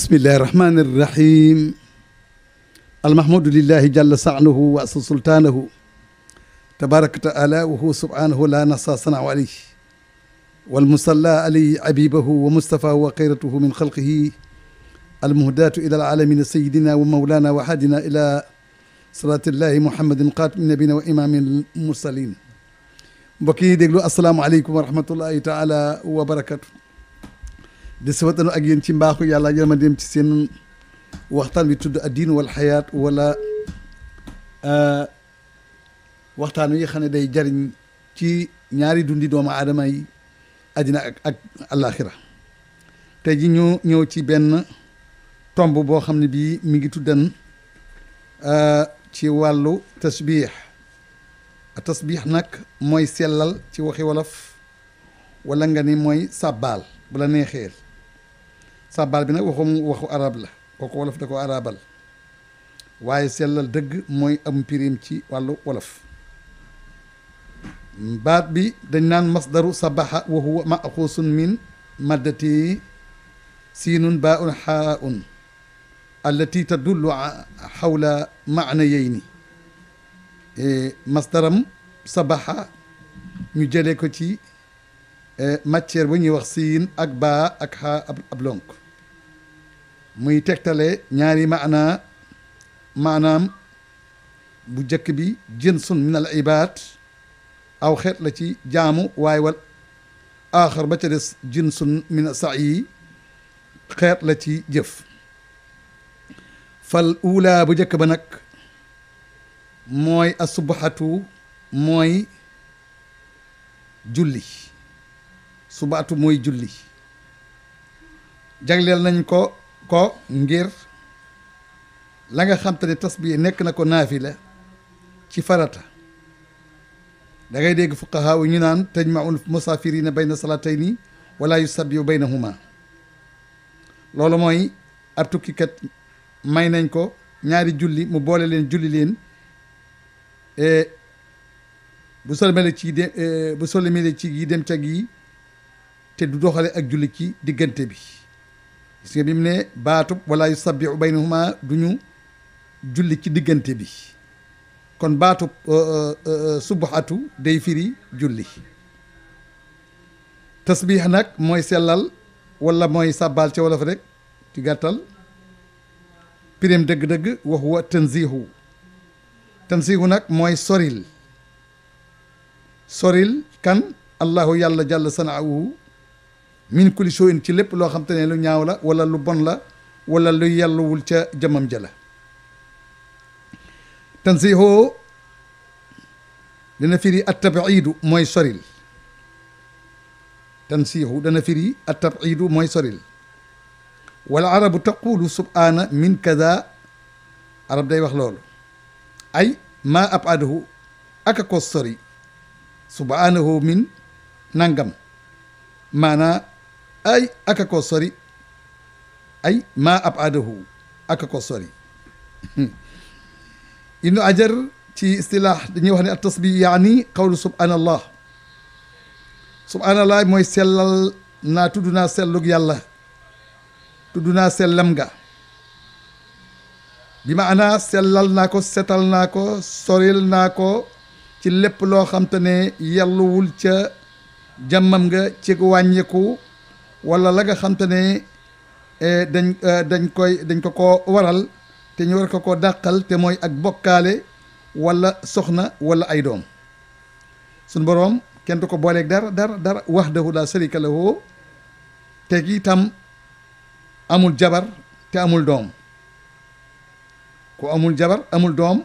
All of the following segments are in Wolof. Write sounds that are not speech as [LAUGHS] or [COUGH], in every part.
bismillahi irrahmani irrahim almahmadu lillahi jalla sanahu wa asa sultaanahu tabaraka taala wa huwa subhanahu la nasa sanaaw aley walmusalla aley abibahu wa mustaphahu wa xayratuhu min xalqihi almuhdatu ila alalamina sayidina wa maulana wa hadina ila salatillahi muhammadin xaatimi nabina wa imami mursalin mbokk yi déglu asalaamualeykum wa rahmatullahi taala wa barakatu di sabatanu ak yéen ci mbaaxu yàlla jël ma dem ci seen waxtaan wi tudd addiin wal xayaat wala euh, waxtaan wi xam ne day jariñ ci ñaari dundi doomu aadama yi àddina ak ak àllaaxira tey ji ñu ñëw ci benn tomb boo xam ne bii mi ngi tuddan euh, ci wàllu tasbiix tasbiix nag mooy sellal ci waxi wolof wala nga ni mooy sàbbaal bu la neexee sàbbaal bi nag waxum waxu arab la kooku wolof da ko arabal waaye sellal dëgg mooy am pirim ci wàllu wolof baat bi dañ naan masdaru sabaxa wa huwa maxuusun min maddati siinun baaun xaaun allati tadullu xawla maana yeyni e, masdaram sabaxa ñu jëlee ko ci e, matière bu ñuy wax siin ak baa ak xaa ab lonk muy tegtale ñaari maanaa maanaam bu jëkk bi jinsun min al ibaad aw xeet la ci jaamu waay wal aaxar ba ca des jinsun min yi xeet la ci jëf fal uulaa bu jëkk ba nag mooy asubhatu mooy julli subaatu mooy julli jagleel nañ ko ko ngir la nga xam te ne tasbi nekk na ko la ci farata da ngay dégg fuqahaa yu ñu naan tajmaul musaafirina bayna salatayni wala yusabbihu baynahuma loolu mooy ab tukkikat may nañ ko ñaari julli mu boole leen julli leen e, bu solmele ci de e, bu solmele ci yi dem ca gi te du doxale ak julli ci diggante bi gis nga bi mu ne baatub wala yu sabbiu baynahuma du julli ci diggante bi kon baatub euh, euh, euh, subuhatu day firi julli tasbiix nag mooy sellal walla mooy sàbbaal ci wolof rek ci gàttal pirim dëgg-dëgg wax wa tanzihu tanzihu nag mooy soril soril kan allahu yàlla jàll sanaahu min kulli shay'in ci lépp loo xam te ne lu ñaaw la wala lu bon la wala lu yelluwul ca jëmam ja la tansiihoo dana firi attabiidu mooy soril tansiihu dana firi attabiidu mooy soril wal arabu taqulu subhaana min kaza arab day wax loolu ay maa abadahu aka ko sori subhaanahu min nangam maanaa ay aka ko sori ay ma ab adahu aka ko sori [LAUGHS] ibnu ajar ci istilaax dañuy wax ne at tasbih yaani qawlu subhanallah subhanallah mooy sellal naa tudd naa sellug yàlla tudd naa sellam nga bi maanaa sellal naa ko setal naa ko soril naa ko ci lépp loo xam te ne yàllawul ca jàmmam nga ci wàññeeku wala la nga xam ne eh, dañ eh, dañ koy dañ ko ko waral te ñu war ko ko dàqal te mooy ak bokkaale walla soxna wala ay doom suñ boroom kenn du ko booleeg dara dara dara wahdahu daal sharika lahu te itam amul jabar te amul doom ku amul jabar amul doom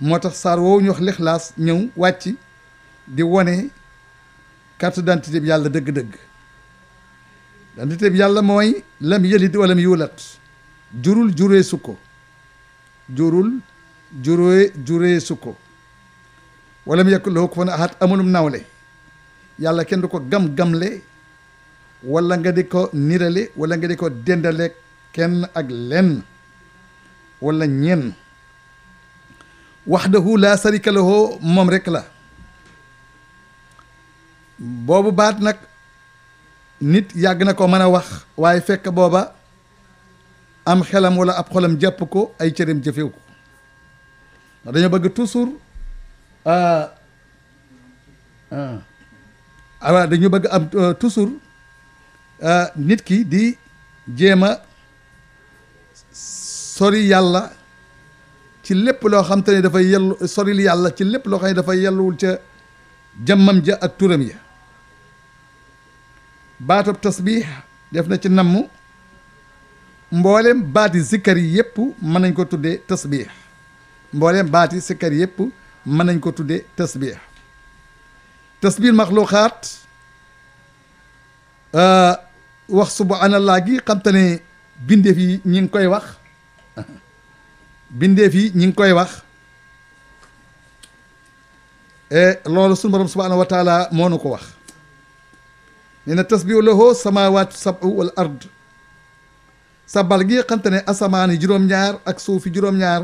moo tax saar woowu ñu wax lixlaas ñëw wàcc di wone carte d'identité bi yàlla dëgg-dëgg identité bi yàlla mooy lam yëlit walam yuulat jurul juree sukko jurul juree juree sukko walam yekk loo ko fa na ahat amulum nawle yàlla kenn du ko gam-gamle wala nga di ko nirale wala nga di ko dendale kenn ak lenn wala ñenn waxdahu laa sarika lahu moom rekk la boobu baat nag nit yàgg na ko mën a wax waaye fekk booba am xelam wala ab xolam jàpp ko ay cëram jëfew ko dañoo bëgg toujours waaw euh, euh, dañu bëgg am euh, toujours nit ki di jéem a sori yàlla ci lépp loo xam te ne dafay yellu soril yàlla ci lépp loo xam ne dafay yelluwul ca jëmmam ja ak turam ya baatab tasbiix def na ci namm mboolem baati sikkar yi yëpp mën nañ ko tuddee tasbiix mboolem baati sikkar yi yëpp mën nañ ko tuddee tasbiix tasbiix maxluuqaat euh, wax subhanallah gi xam te ne bindeef yi ñi ngi koy wax [LAUGHS] bindeef yi ñi ngi koy wax eh, loolu sunu borom subhanahu wa taala moo nu ko wax nee na tasbihu lahu samaawaatu sabu wal ard sabal gi xamte ne asamaan yi juróom-ñaar ak suufi juróom-ñaar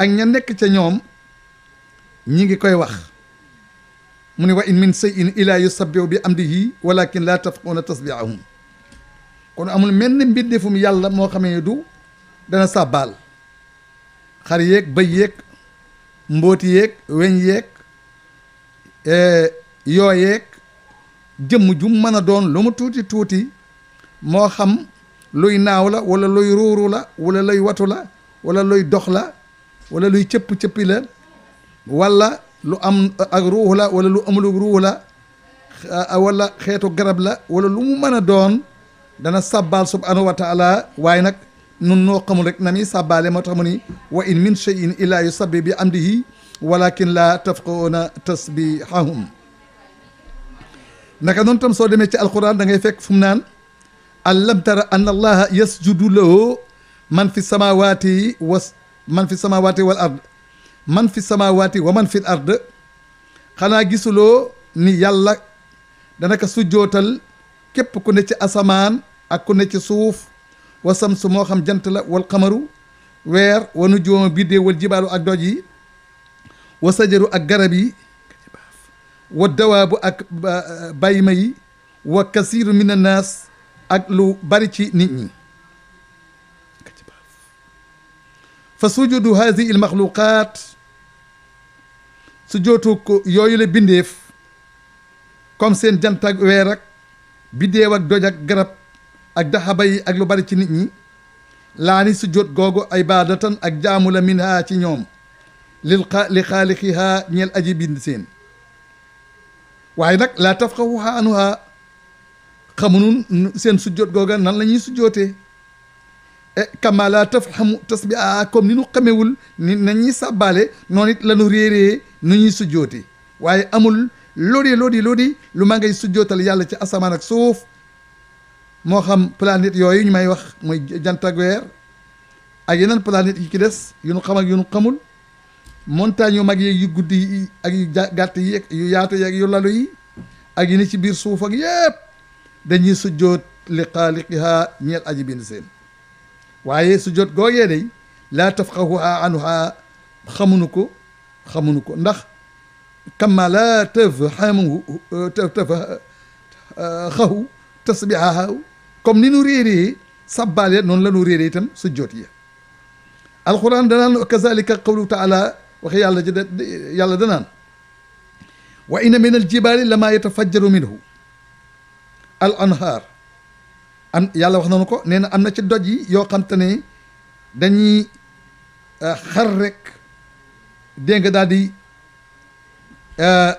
ak ña nekk ca ñoom ñi ngi koy wax mu ne wa in min shay'in illa yusabbihu bi amdihi walakin la tafqahuna tasbihahum kon amul mel ni mbindeefum yàlla moo xamee ne du dana sàbbaal xar yéeg bëy yeeg mbooti yeeg weñ yeeg eh, yoo yeeg jëmm jum mën a doon lu mu tuuti tuuti moo xam luy naawla wala luy ruuru la wala luy watu la wala luy dox la wala luy cëpp-cëppi la wala lu am ak ruux la wala lu amul ruux la wala xeetu garab la wala lu mu mën a doon dana sàbbaal subhanahu wa taala waaye nag nun noo xamul rek na muy sàbbaale moo tax mu ni wa in min cheyin illaa yusabbi bi amdihi walakin la tafqahuuna tasbihahum naka noonu tam soo demee ci alquran da ngay fekk fu naan alam tara anna allaha yasjudu man fi samawati wa man fi samawati wal ard fi samawati wa man fi ard xanaa gisuloo ni yàlla danaka sujjootal képp ku ne ci asamaan ak ku ne ci suuf wa samsu moo xam jant la wal xamaru weer wa nujuuma biddéew wal jibaalu ak doj yi wa sajaru ak garab yi wa dawaabu ak bayma yi wa kasiiru min annaas ak lu bari ci nit ñi fa sujudu haadihi l maxluqaat su jootu ko yooyu la bindeef comme seen jant ak weer ak garab ak daxaba yi ak lu bari ci nit ñi laa ni su jot googu ibaadatan ak jaamu la minha ci ñoom li xaaliqiha ñeel aji bind seen waaye nag la laa tafqahuha anha xamuñu seen sujjoot googa nan la ñuy sujjootee eh, kama la tafhamu tasbiha comme ni nu xamewul ni nañuy sàbbaale noon it la nu réeree nu ñuy sujjootee waaye amul lodi lodi lodi lu ma ngay sujjootal yàlla ci asamaan ak suuf moo xam planète yooyu ñu may wax mooy jant ak weer ak yeneen planète yi ci des yu nu xam yu nu xamul montagne yu mag yeeg yu guddi yi ak yu gàtt yi yu yaatu yeeg yi ak yi ni ci biir suuf ak dañuy sujjoot li xaaliqiha ñeel aji bind seen waaye sujjoot googee day laa tafqahuha anha xamuñu ko xamuñu ko ndax kama laa tafhamu tafqahu tasbihaha comme ni nu réeree sabbaal ya noonu la nu réeree itam sujjoot ya alquran danaan kazalika qawlu taala waxe yàlla ji de yàlla danaan wa inna min aljibaali lama yatafajjaru minhu al anhaar am yàlla wax nañu ko nee na am na ci doj yi yoo xam te ne dañuy eh, xar rek dégg nga daal di eh,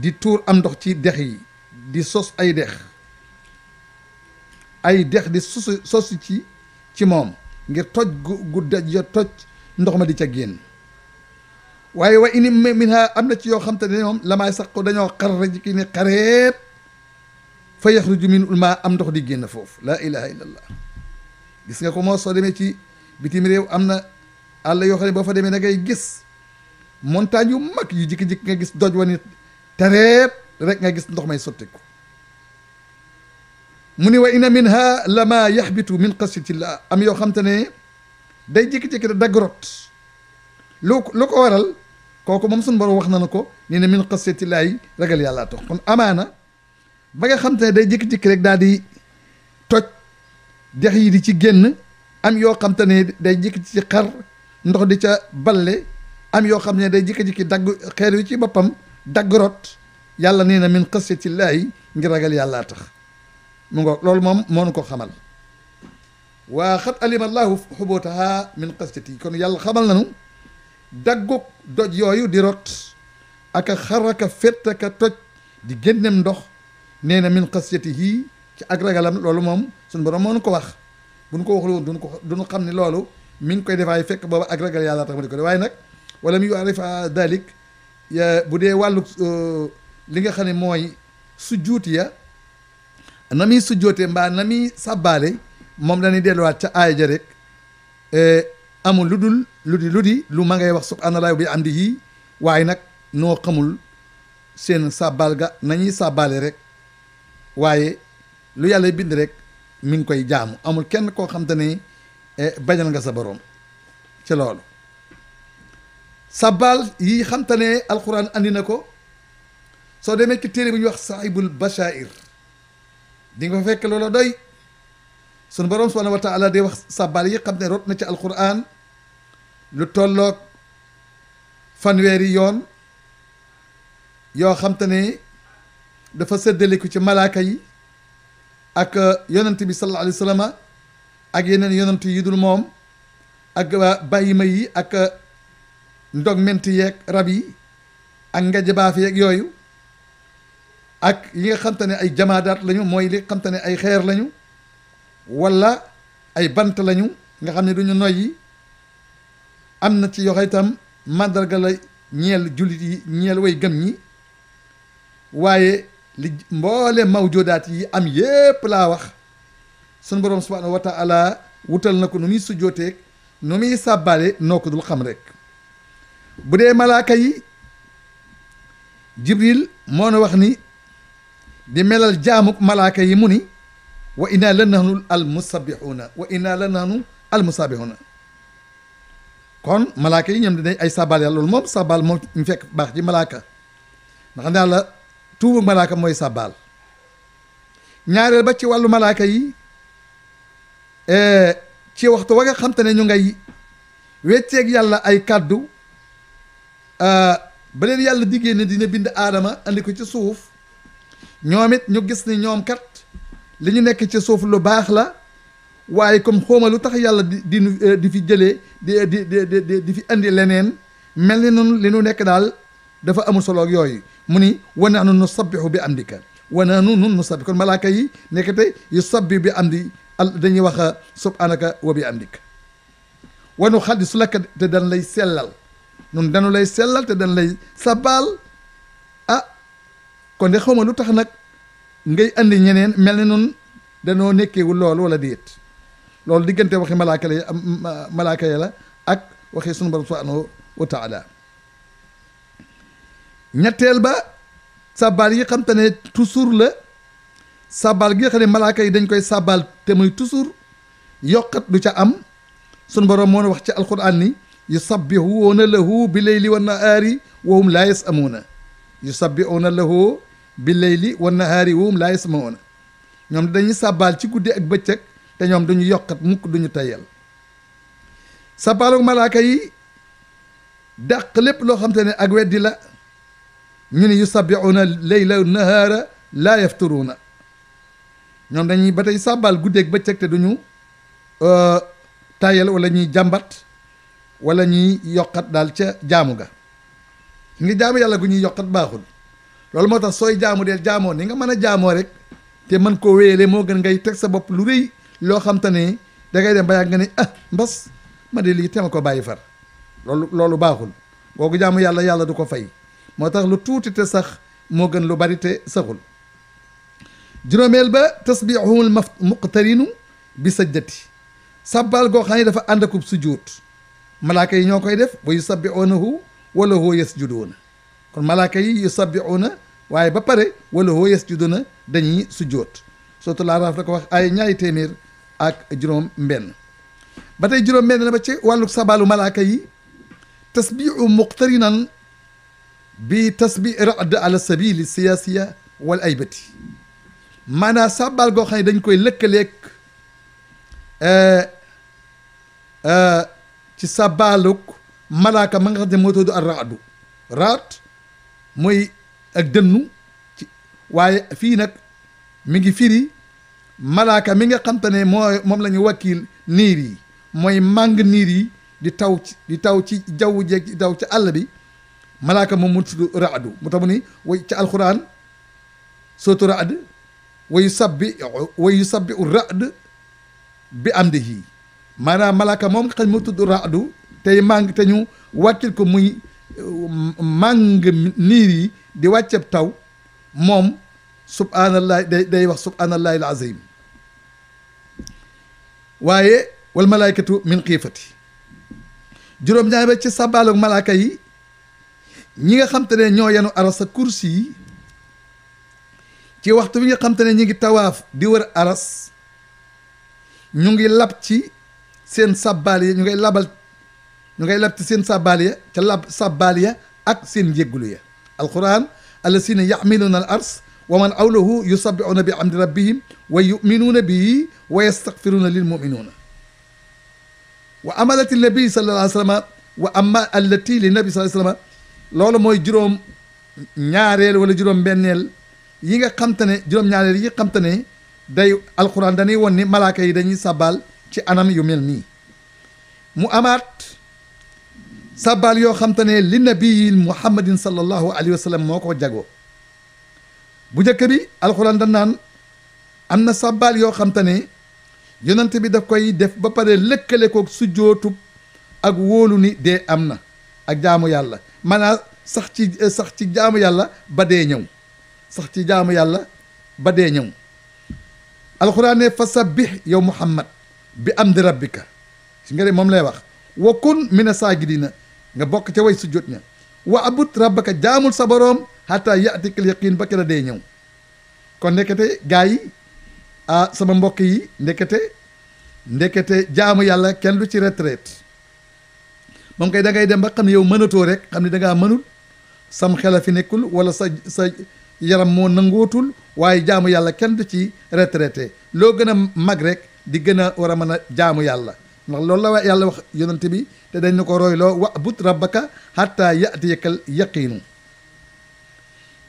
di tuur am ndox ci dex yi di sos ay dex ay dex di sos sos ci ci moom ngir toj gu gudda toj ndox ma di ca génn waaye wa ini min ha am na ci yoo xam te ne moom la maay saqu dañoo xarra ji ki ni xareet fa yaxruju min ulma am ndox di génn foofu laa ilaha la la gis nga ko moo soo demee ci bitim réew am na àll yoo xam ne boo fa demee da ngay gis montagne yu mag yu jikki-jikki nga gis doj wa ni rek nga gis ndox may sottiku mu ni wa inna minha lama yaxbitu min xasitillah am yoo xam te ne day jékki-jékki da daggrot lu lu ko waral kooku moom suñu borom wax na na ko ni ne min xasitillah yi ragal yàllaa tax kon amaana ba nga xam te ne day jékki-jékki rek daal di toj dex yi di ci génn am yoo xam te day jékki ci xar ndox di ca balle am yoo xam ne day jékki-jékki dagg xeer yu ci boppam daggrot yàlla nee na min xasitillah yi ngir ragal yàllaa tax mu ngoog loolu moom moo nu ko xamal waa xat alima llaahu xubootaha min xastati kon yàlla xamal nañu daggug doj yooyu di rot ak a xar ak a fett ak a toj di génnem ndox nee na min xastatihi ci ak ragalam loolu moom suñu borom moo nu ko wax bu nu ko waxul woon duñu ko duñu xam ne loolu mi ngi koy defaay fekk booba ak ragal yàlla tax ma di ko def waaye nag wala mu yuarifa dalik bu dee wàllu euh, li nga xam ne mooy su juut ya na muy sujjootee mbaa na muy sàbbaale moom dañuy delluwaat ca aaya ja rek eh, amul lu dul lu di lu di lu ma ngay wax bi wa bihamdihi waaye nag noo xamul seen sàbbaal ga nañuy sàbbaale rek waaye lu yàlla bind rek mu ngi koy jaamu amul kenn koo xam te eh, bañal nga sa boroom ci loolu sàbbaal yi xam ne alxuraan andi na ko soo demee ci téere bu ñuy wax saahibul bashair di nga fa fekk loola doy sunu borom subhanahu wa taala di wax sàbbaal yi xam ne rot na ci alquran lu tolloog fanweeri yoon yoo xam ne dafa séddaliku ci malaaka yi ak euh, yonent bi sallallahu alayhi wa ak yeneen yonent yi dul moom ak euh, bàyyima yi ak euh, ndog ment yeeg rab yi ak ngajabaaf yeeg yooyu ak li nga xam ne ay jamaadaat lañu mooy li xam te ay xeer lañu wala ay bant lañu nga xam ne duñu noyyi am na ci yoxe itam màndarga la ñeel jullit yi ñeel way gëm ñi waaye li mboole mawjudaat yi am yépp laa wax sunu borom subhaanahu wa wutal na ko nu muy sujjooteeg nu muy sàbbaale noo ko dul xam rek bu dee malaaka yi jibril moo na wax ni di melal jaamuk malaaka yi mu ni wa inna la nahnu al musabbixuuna wa inna la nahnu al musabbixuuna kon malaaka yi ñoom dinañ ay sabal yàlla loolu moom sabal moom mu fekk baax ci malaaka ndax daal la tuubu malaaka mooy sabal ñaareel ba ci wàllu malaaka yi eh, ci waxtu wa xam te ne ñu ngay wecceeg yàlla ay kàddu eh, ba leen yàlla diggée ne dina bind aadama andi ko ci suuf ñoom it ñu gis ni ñoom kat li ñu nekk ci suuf lu baax la waaye comme xooma lu tax yàlla di di eh, di fi jële eh, di di di fi indi leneen mel ni noonu li nu nekk daal dafa amul solook yooyu mu ni wa nahnu nusabbihu bi amdika wane nahnu nun nusabbi kon malaaka yi nekk tey yu sabbi bi amdi al dañuy wax eh, subhanaka wa bi amdika wa nu xaddisu laka te dan lay sellal nun danu lay sellal te dan lay sabbaal kon de xaw ma lu tax nag ngay andi ñeneen mel ne noon danoo nekkeewul loolu wala déet loolu diggante waxi malaaka la malaaka ya la ak waxi sunu borom subhanahu ñetteel ba sabal yi xam ne toujours la sabal gi nga ne malaaka yi dañ koy sabal te muy toujours yokkat du ca am sunu borom moo wax ci alquran ni yusabbihuuna lahu bi layli wa nahaari wa hum laa yasamuuna yusabbihuuna lahu bi layli wa nahaari wum sama yasmauna ñoom dañuy sàbbaal ci guddee ak bëccëg te ñoom duñu yokkat mukk duñu tayal sàbbaalu malaaka yi dàq lépp loo xam te ne ak weddi la ñu ne yusabbihuuna layla nahaara laa yafturuuna ñoom dañuy ba tey sàbbaal guddeeg bëccëg te duñu euh, tayal walla ñuy jàmbat wala ñuy yokkat daal ca jaamu ga ngi jaamu yàlla gu ñuy yokkat baaxul loolu moo tax sooy jaamu deel jaamoo ni nga mën a jaamoo rek te mën koo wéyale moo gën ngay teg sa bopp lu rëy loo xam te ne da ngay dem ba yàgg nga ne ah mbas ma de lii tema ko bàyyi far loolu loolu baaxul googu jaamu yàlla yàlla du ko fay moo tax lu tuuti te sax moo gën lu bari te saxul juróomeel ba tasbixuhul maf muqtarinu bi sajjati sàbbaal goo xam ne dafa ànd akub sujuut malaaka yi ñoo koy def wa yusabbixuunahu wala huwa yasjuduuna kon malaaka yi yusabbixuuna waaye ba pare wala hoo yasjuduuna dañuy sujjóot suratul Araaf la ko wax ay ñaari téeméer ak juróom mbenn ba tey juróom mbenn na ba ci wàllu sabaalu malaaka yi tasbiixu muqtarinan bi tasbix raad ala sabili siyaasiya wal aybati maanaam sàbbaal goo xam ne dañ koy lëkkaleeg eh, eh, ci sàbbaaluk malaaka ma nga xam ne moo tudd ar raadu raat mooy ak dënnu waaye fii nag mi ngi firi malaaka mi nga xam te ne moo moom la ñu wakkil niir yi mooy màng niir yi di taw ci di taw ci jaw jeeg di taw ci àll bi malaaka moom mu tudd raadu mu tax ni way ci alxuraan sootu way wayu sabbi wayu sabbi u raad bi amdihi maanaam malaaka moom nga xam moo tudd raadu tey màng te ñu wàccil ko muy màng niir yi di wàcceb taw moom subhaanallah day day wax subhaanallahi alazim waaye wal malaykatu min xiifati juróom-ñaar ba ci sabaalug malaaka yi ñi nga xam te ne ñoo yenu aras ak kursi yi ci waxtu bi nga xam te ne ñi ngi tawaaf di wër aras ñu ngi lab ci seen sabaal yi ñu ngay labal ñu ngay lab ci seen sàbbaal ya ca lab sàbbaal ya ak seen jéggulu ya alquran allasina yaxmiluuna al ars wa man awlahu yusabbihuuna bi amdi rabbihim wa yuminuuna bihi wa yastagfiruuna lil muminuuna wa amalat nabi sallallahu alayhi wa sallam wa ama allati li loolu mooy juróom ñaareel wala juróom benneel yi nga xam ne juróom ñaareel yi nga xam ne day alquran dañuy won ni malaaka yi dañuy sàbbaal ci anam yu mel nii sàbbaal yoo xam ne li nabiil muhammadin sallallahu alayhi wa sallam moo ko jagoo bu njëkk bi alxuraan da naan am na sàbbaal yoo xam te ne yonent bi daf koy def ba pare lëkkale ko sujjootub ak wóolu ni dee am na ak jaamu yàlla maanaam sax ci sax ci jaamu yàlla ba dee ñëw sax ci jaamu yàlla ba dee ñëw alxuraan ne fa sabbih yow muhammad bi amdi rabbika si nga de moom lay wax wa kun mina saajidina nga bokk ca way su jot ña wa abut rabbaka jaamul sa boroom xataa yaatikal yaqiin ba kera day ñëw kon ndekete gaa yi ah sama mbokk yi ndekete ndekete jaamu yàlla kenn du ci retraite moom kay da ngay dem ba xam ne yow mënatoo rek xam ne da ngaa mënul sam xel a fi nekkul wala sa sa yaram moo nangootul waaye jaamu yàlla kenn du ci retraité loo gën a mag rek di gën a war a mën a jaamu yàlla ndax loolu la waa yàlla wax yonante bi te dañ na ko royloo wa'bud rabbaka hatta ya'tiyakal yaqiinu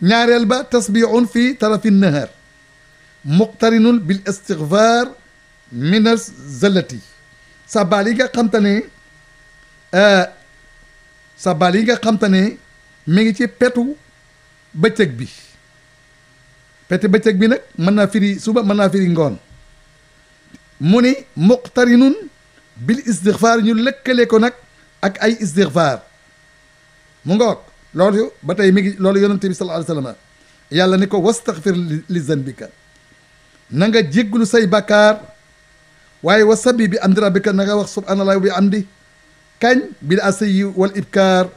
ñaareel ba tasbiixun fi tarafi nahar muqtarinun bil istigfaar min az-zallati sabaal yi nga xam te ne euh, sabaal yi nga xam ne mi ngi ci petu bëccëg bi peti bëccëg bi nag mën naa firi suba mën naa firi ngoon mu ni muqtarinun bil istixfaar ñu lëkkale ko nag ak ay istixfaar mu ngoog loolu ba tey mi ngi loolu yonent bi sallallahu alayhi wa sallam yàlla ni ko wastaxfir li zanbika na nga jégglu say bakkaar waaye wa wasabi bi amdi rabbika na nga wax subhaanallaahi bi amdi kañ bil say wal ibkaar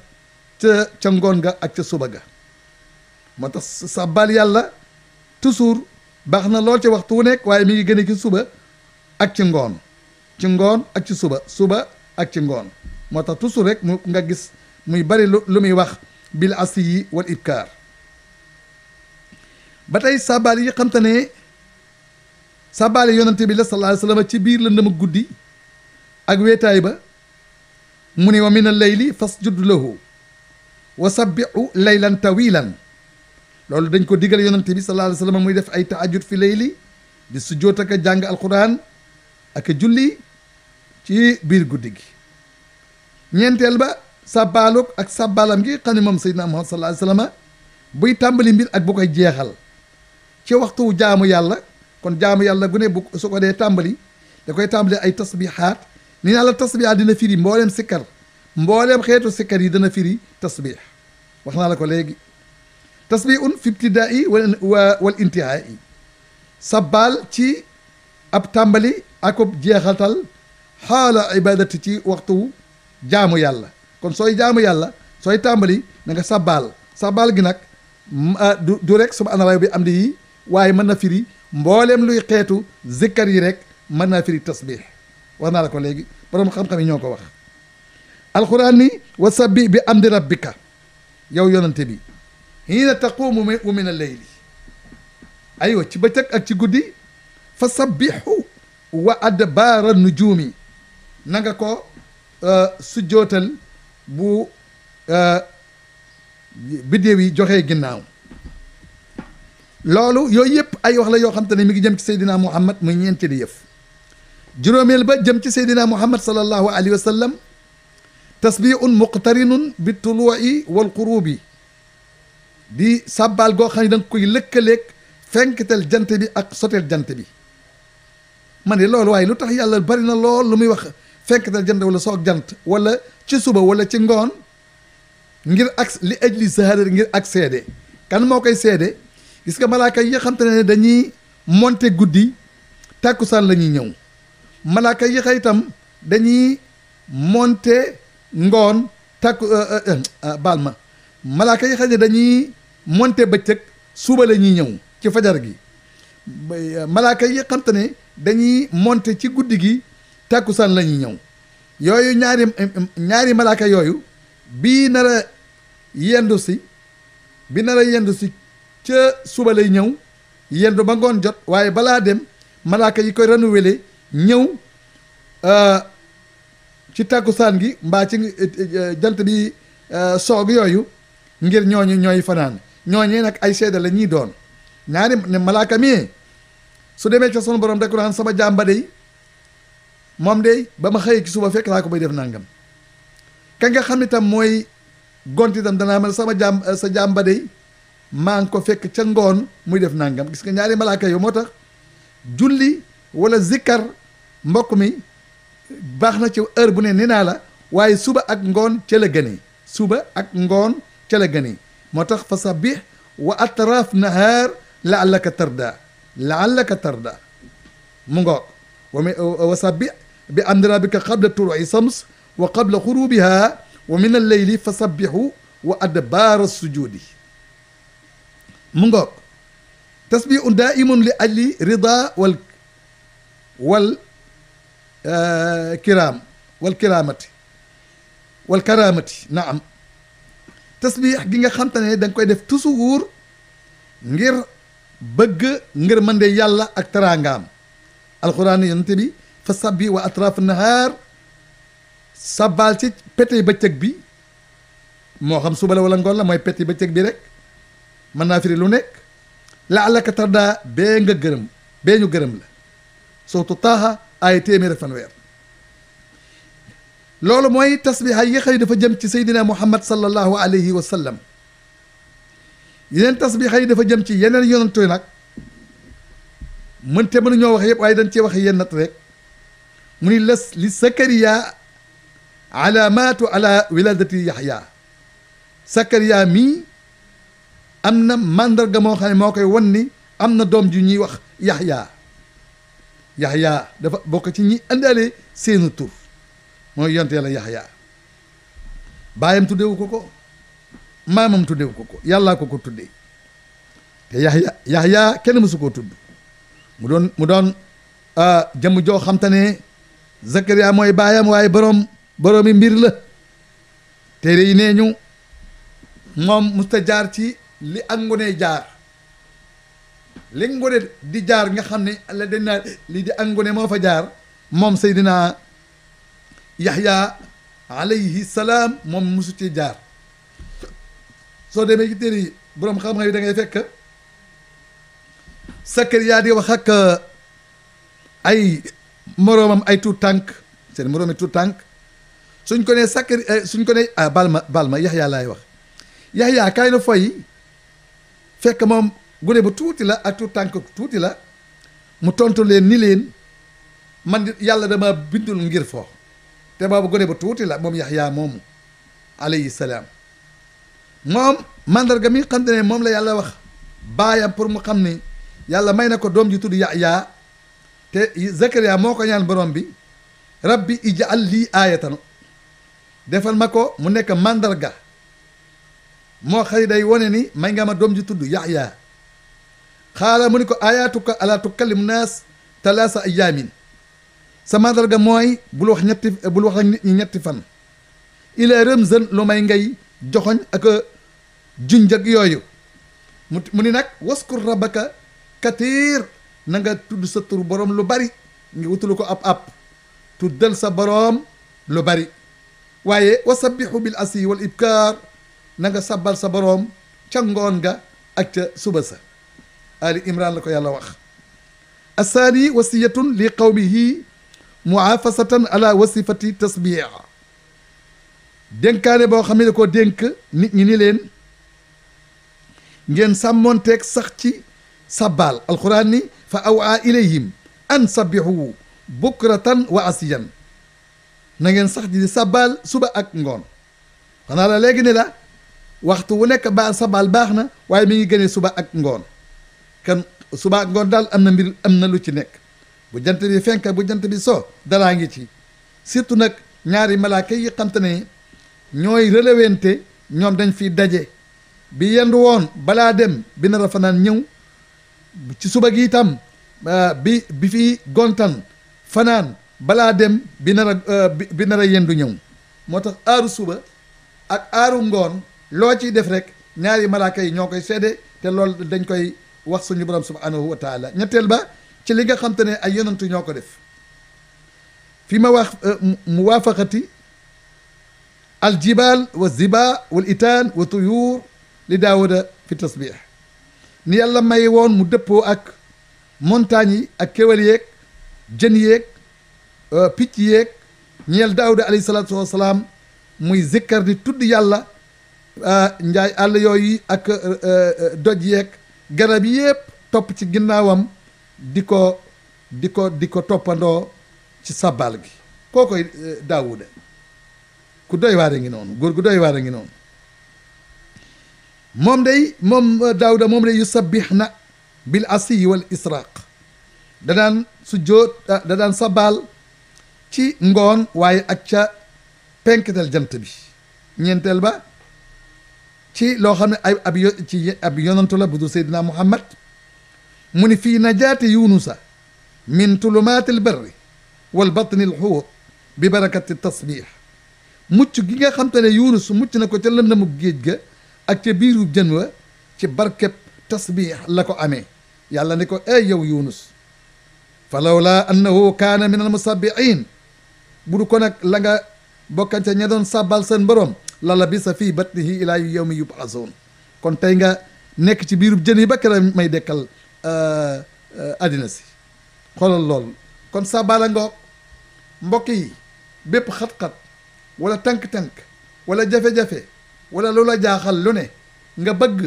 ca ca ngoon ga ak ca suba ga moo tax bal yàlla toujours baax na lool ci waxtu wu nekk waaye mi ngi gën a suba ak ca ngoon ci ngoon ak ci suba suba ak ci ngoon moo tax toujours rek mu nga gis muy bari lu muy wax bil asi yi wal ibkaar ba tey saabal yi xam ne saabale yonante bi la sallallahu alayhi wa sallam ci biir lëndëm ak guddi ak weetaay ba mu ne wa min al leyli fasjud lahu wa sabbihu leylan tawilan loolu dañ ko digal yonante bi sallallahu alayhi wa sallam muy def ay tahajjud fi leyli di sujjoot ak a jàng alquran ak a julli ci biir guddi gi ñeenteel ba sàbbaalug ak sàbbaalam gi xam ne moom sayyidina Muhammad sallallahu alayhi wasallam buy tàmbali mbir ak bu koy jeexal ci waxtu jaamu yàlla kon jaamu yàlla gu ne bu su ko dee tàmbali da koy tàmbali ay tasbihaat ni naa la tasbihaat dina firi mbooleem sikkar mbooleem xeetu sikkar yi dana firi tasbih wax naa la ko léegi tasbihun fi ibtidaai wa wal intihaai sabbaal ci ab tàmbali akub jeexaltal xaala ibadati ci waxtu jaamu yàlla kon sooy jaamu yàlla sooy tàmbali na nga sàbbaal gi nag ah, du du rek suba ana bi am di yi waaye mën na firi mbooleem luy xeetu zikkar yi rek mën naa firi tasbiix war naa la ko léegi boroom xam-xam yi ñoo ko wax alxuraan ni wa sabbi bi amdi rabbika yow yonante bi hiina taquumu wa min alleyli aywa ci bëccëg ak ci guddi fa sabbihu wa adbaara nujuumi na nga ko euh, sujjootal bu euh, biddéew yi joxee ginnaaw loolu yooyu yëpp ay wax la yoo xam ne mi ngi jëm ci Seydina Muhammad muy ñeenteel yëf juróomeel ba jëm ci Seydina Muhammad sallallahu alayhi wa sallam tasbihun muqtarinun bi tuluwi wal qurubi di sàbbaal goo xam ne da nga koy lëkkaleeg fenkteel jant bi ak soteel jant bi ma ne loolu waaye lu tax yàlla bari na lool lu muy wax fekkatal jant wala soo jant wala ci suba wala ci ngoon ngir ak li ajli saharir ngir ak seede kan moo koy seede gis nga malaaka yi nga xam ne dañuy monte guddi tàkkusaan la ñuy ñëw malaaka yi xëy itam dañuy monte ngoon tàkku euh, euh, euh, baal ma malaaka yi ne dañuy monte bëccëg suba la ñuy ñëw ci fajar gi malaaka yi xam ne dañuy monte ci guddi gi tàkkusaan la ñuy ñëw yooyu ñaari ñaari malaaka yooyu bii nar a yendu si bi nar a yendu si ca suba lay ñëw yendu ba ngoon jot waaye balaa dem malaaka yi koy renouveler ñëw euh, ci tàkkusaan gi mbaa ci euh, jant bi euh, soog yooyu ngir ñooñu ñooy fanaan ñooñee nag ay seede la ñuy doon ñaari ne malaaka mi su demee ca son borom rek naan sama jàmbade yi moom de ba ma xëyee ci suba fekk naa ko bay def nangam ka nga xam itam mooy gont itam danaa mel sama jàmm eh, sa jàmba maa ngi ko fekk ca ngoon muy def nangam gis nga ñaari malaaka yow moo tax julli wala zikkar mbokk mi baax na ci heure bu ne nee naa la waaye suba ak ngoon ca la suba ak ngoon ca la moo tax fa sabbih wa atraaf nahaar laallaka tarda laallaka tarda mu ngoog wa sabbih bi andrabika qabla tuluu'i shams wa qabla ghurubiha wa min al-layli fasabbihu wa adbaara sujuudi mu ngoog tasbihun daa'imun li ajli rida wal wal eh, kiraam wal kiraamati wal karaamati naam tasbih gi nga xam te ne da nga koy def toujours ngir bëgg ngir mën de yàlla ak teraangaam alxuraan yonent bi fa sabbi wa atraaf nahaar sabbaal ci pete bëccëg bi moo xam suba la wala ngoon la mooy pete bëccëg bi rek mën naa firi lu nekk la alaka tarda bee nga gërëm bee ñu gërëm la sootu taaxa ay téeméer fanweer loolu mooy tasbiha yi xëy dafa jëm ci seydina muhammad sallallahu alayhi wa sallam yeneen tasbiha yi dafa jëm ci yeneen yonantu nag mënte mënuñoo wax yëpp waay dañ ci wax yenn nat rek mu ni les li Sakariya alaamaatu ala wiladati Yaxya Sakariya mii am na màndarga moo xam ne moo koy wan ni am na doom ju ñuy wax Yaxya Yaxya dafa bokk ci ñi indaale seenu tur mooy yonte yàlla Yaxya baayam tuddewu ko ko maamam tuddewu ko ko yàllaa ko ko tuddee te Yaxya Yaxya kenn mësu koo tudd mu doon mu doon ah, jëmm joo xam ne. Zakariya mooy baayam waaye boroom boroomi mbir la téere yi nee ñu moom musta jaar ci li ak ngone jaar li ngone di jaar nga xam ne la di ak ngone moo fa jaar moom Seydina Yaxya alayhi salaam moom musu ci jaar soo demee ci téere boroom xam-xam yi da fekk Sakariya di wax ak ay moroomam ay tuut tànk seen moroomi tuut tànk suñ ko nee sàkkari eh, suñ ko nee ah bal ma bal ma yaxyaa laay wax yaxyaa kaay na foyi fekk moom gune bu tuuti la ak tuut tànk tuuti la mu tontu leen ni leen man yàlla dama bindul ngir fo te boobu gone bu tuuti la moom yaxyaa moomu alayhi salaam moom mandarga mi xam ne moom la yàlla wax baayam pour mu xam ni yàlla may na ko doom ji tudd yaxyaa te Zakaria moo ko ñaan borom bi rabbi ij'al lii aayatan defal ma ko mu nekk màndarga moo xëy day wone ni may nga ma doom ji tudd Yaxya xaala mu ni ko aayaatuka alaa tukallim naas talaasa ayaamin sa màndarga mooy bul wax ñetti bul wax ak ñetti fan ila ramzan lu may ngay joxoñ ak junjag yooyu mu ni nag waskur rabbaka katiir na tu tudd sa tur borom lu bari nga wutalu ko ab ab tuddal sa borom lu bari waaye wa sabbixu bil asi wal ibkaar na nga sa borom ca ngoon nga ak ca suba sa ali imran la ko yàlla wax asaani wasiyatun li qawmihi muaafasatan ala wasifati tasbix dénkaane boo xam ko da koo dénk nit ñi ni leen ngeen sàmmoonteeg sax ci sabbaal alquran ni fa awaa ilayhim an sabbihu bukratan wa asiyan na ngeen sax di sabbaal suba ak ngoon xanaa la léegi ne la waxtu wu nekk ba sabbaal baax na waaye mi ngi gënee suba ak ngoon kenn suba ak ngoon daal am na mbir am na lu ci nekk bu jant bi fenk bu jant bi soo dalaa ngi ci surtout nag ñaari malaaka yi xam ne ñooy relewente ñoom dañ fi daje bi yenn woon balaa dem bi nar a fanaan ñëw ci suba gi itam euh, bi bi fi gontan fanaan balaa dem bi na a euh, bi nar a yendu ñëw moo tax aaru suba ak aaru ngoon loo ciy def rek ñaari malaaka yi ñoo koy seede te lool dañ koy wax suñu borom subhanahu wa taala ñetteel ba ci li nga xam ne ay yonantu ñoo ko def fi ma wax euh, mu waafaqati al jibal wa ziba wal itaan wa tuyuur li daawuda fi tasbix ni yàlla may woon mu dëppoo ak montagne yi ak kéwél yeeg jën yeeg euh, picc yeeg ñeel daawuda alayhi salaatu muy zikkar di tudd yàlla euh, njaay àll yooyu ak euh, doj yeeg garab yépp topp ci ginnaawam di ko di ko di ko toppandoo ci sabbal gi koo koy daawuda ku doy waar a ngi noonu góor gu doy waar a ngi noonu moom day moom euh, daawuda moom day yusabbih na bil asiyi wal israq danaan su jóot da euh, sabaal ci ngoon waaye ak ca penketel jant bi ñeenteel ba ci loo xam ne ay ab yo ci ab muhammad mu ni fii najaati yunusa min tulumaati l barri wal batni l xuur bi barakati tasbix mucc gi nga xam te ne yunus mucc na ko ca lëndamub géej ga ak ca biiru jën wa ci barkeb tasbiix la ko amee yàlla ne ko ey yow yunus fa lawla annahu kaana min al musabbiin bu du ko nag la nga bokkan ca ña doon sàbbal seen borom la la bi sa fii batnihi ilaa yawmi yub'asuun kon tey nga nekk ci biiru jën yi ba kera may dekkal euh, àddina si xoolal loolu kon sàbbaala ngoog mbokk yi bépp xat-xat wala tànk-tànk wala jafe-jafe wala lu la jaaxal lu ne nga bëgg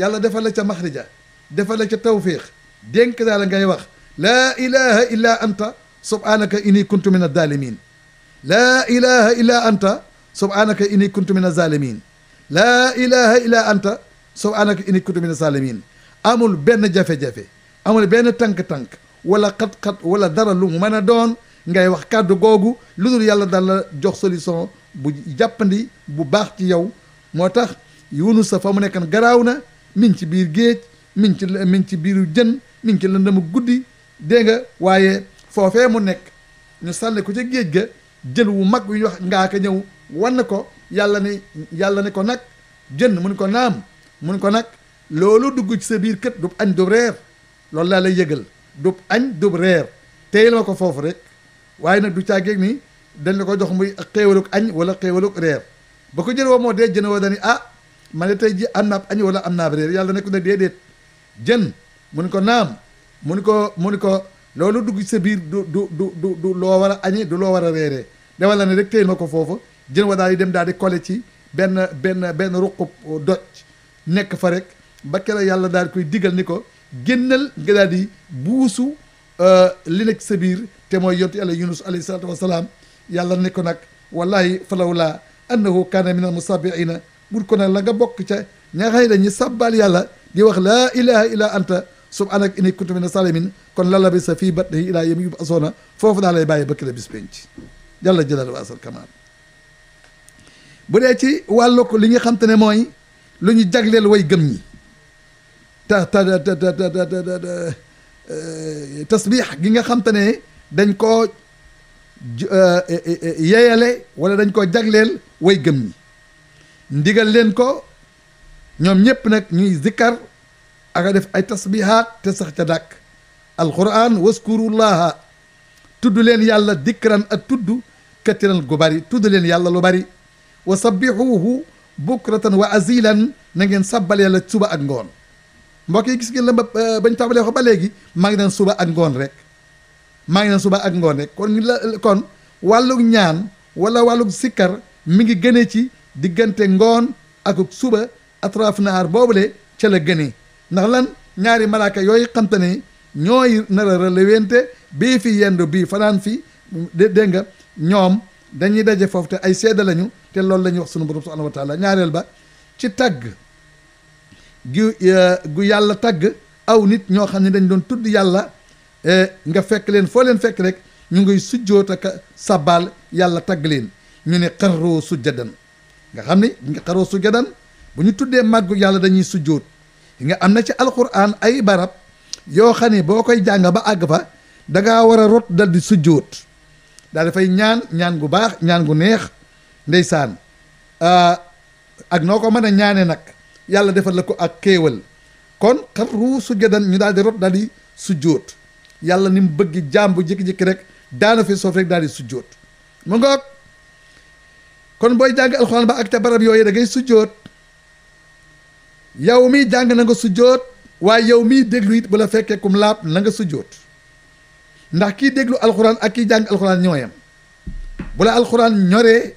yàlla defal la ca maxrija defal la ca tawfiix dénk naa ngay wax laa ilaha illa anta subhanaka inni kuntu min azalimin laa ilaha illa anta subhanaka inni kuntu min azalimin laa ilaha illa anta subhanaka inni kuntu min azalimin amul benn jafe-jafe amul benn tànk-tànk wala xat wala dara lu mu mën a doon ngay wax kàddu googu lu dul yàlla daal la jox solution bu jàppandi bu baax ci yow moo tax Yunus sa fa mu nekk na garaaw na mi ngi ci biir géej mi ci mi ngi ci biiru jën mi ngi ci lëndëmu guddi dégg nga waaye foofee mu nekk ñu sànni ko ca géej ga jën wu mag wi ñuy wax ngaa ka ñëw wan ko yàlla ne yàlla ne ko nag jën mun ko naam mun ko nag loolu dugg ci sa biir kët du añ du reer loolu laa lay yëgal du añ du reer teyel ma ko foofu rek waaye nag du càggeeg ni dañ la ko jox muy xéewaluk añ wala xéewaluk reer boo ko jël woo moo dee jën woo dani ah man de tey ji am naab añ wala am naab réer yàlla ne ko ne déedéet jën mu ni ko naam mu ni ko mu ni ko loolu dugg sa biir du du du loo war a añe du loo war a reeree dewal la ne rek téyel ma ko foofu jën wa daal di dem daal di kole ci benn benn benn ruqub doj nekk fa rek ba keroog yàlla daal di koy digal ni ko génnal nga daal di buusu euh, li nekk sa biir te mooy yontu yàlla yunus alayhi salaatu wasalaam yàlla ne ko nag wallahi falaw laa annahu kaana min al musabbiina bul ko ne la nga bokk ca ña xëy dañu sàbbaal wax laa ilaha illa anta subhanaka inni kuntu mina salimin kon la labisa fii batnihi ilaa yawmi yub'asuuna foofu daa lay bàyyi bëkk la bis penc jàlla jëlal bu dee ci wàllu ko li nga xam ne mooy lu ñu jagleel way gëm ñi ta ta tasbiix gi nga xam ne dañ koo yeyale wala dañ ko jagleel way gëm ñi ndigal leen ko ñoom ñépp nag ñuy zikkar aka def ay tasbihaat te sax ca dàkk alquran waskurullaha tudd leen yàlla dikran ak tudd kattiran gu bari tudd leen yàlla lu bari wa sabbihuhu bukratan wa azilan na ngeen sabbal yàlla suba ak ngoon mbokk yi gis ngeen la bañ tàmbalee ko ba léegi maa ngi naan suba ak ngoon rek maa ngi naan suba ak ngoon rek kon la kon wàllug ñaan wala wàllug sikkar mi ngi gënee ci diggante ngoon ak suba atraaf naar boobule ca la gënee ndax lan ñaari malaaka yooyu xamte ne ñooy nar a relewente bii fi yendu bii fanaan fi dégg nga ñoom dañuy daje foofu te ay seede lañu te loolu lañuy wax sunu borom subhanahu wa taala ñaareel ba ci tàgg gu gu yàlla tàgg aw nit ñoo xam ne dañ doon tudd yàlla eh, nga fekk leen foo leen fekk rek ñu ngi sujjoot ak sabbaal yàlla tagg leen ñu ne xaroo sujjadan nga xam ne nga xaroo sujjadan bu ñu tuddee màggu yàlla dañuy sujjóot nga am na ci alquran ay barab yoo xam ne boo koy jàng ba àgg fa da war a rot dal di sujjóot daal dafay ñaan ñaan gu baax ñaan gu neex ndeysaan ah, ak noo ko mën a ñaanee nag yàlla defal la ko ak kéewal kon xarru sujjadan ñu daal di rot daal di sujjóot yàlla ni mu bëgg jaam bu jékki-jékki rek daana fi soof rek daal di sujjóot mu ngoog kon booy jàng alxuraan ba ak te barab yooyu da ngay sujjoot yow mi jàng na nga sujjoot waaye yow miy déglu it bu la fekkee kum laab nanga nga sujjoot ndax kii déglu alxuraan ak kii jàng alxuraan ñooyam bu la alxuraan ñoree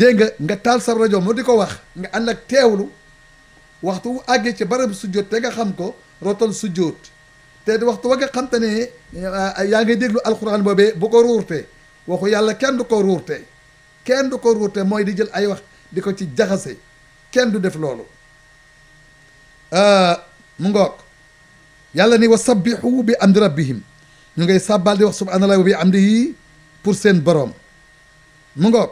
dégg nga taal sa rajo moo di ko wax nga ànd ak teewlu waxtu wu àggee ci barab sujjoot te nga xam ko rotal sujjoot te waxtu wa nga xam te ne yaa ngay déglu alxuraan boobee bu ko ruurte waxu yàlla kenn du ko ruurte kenn du ko ruute mooy di jël ay wax di ko ci jaxase kenn du def loolu euh, mu ngoog yàlla ni wa sabbixu bi amdi rabbihim ñu ngay sàbbaal di wax subhaanallah wa bi am di pour seen boroom mu ngoog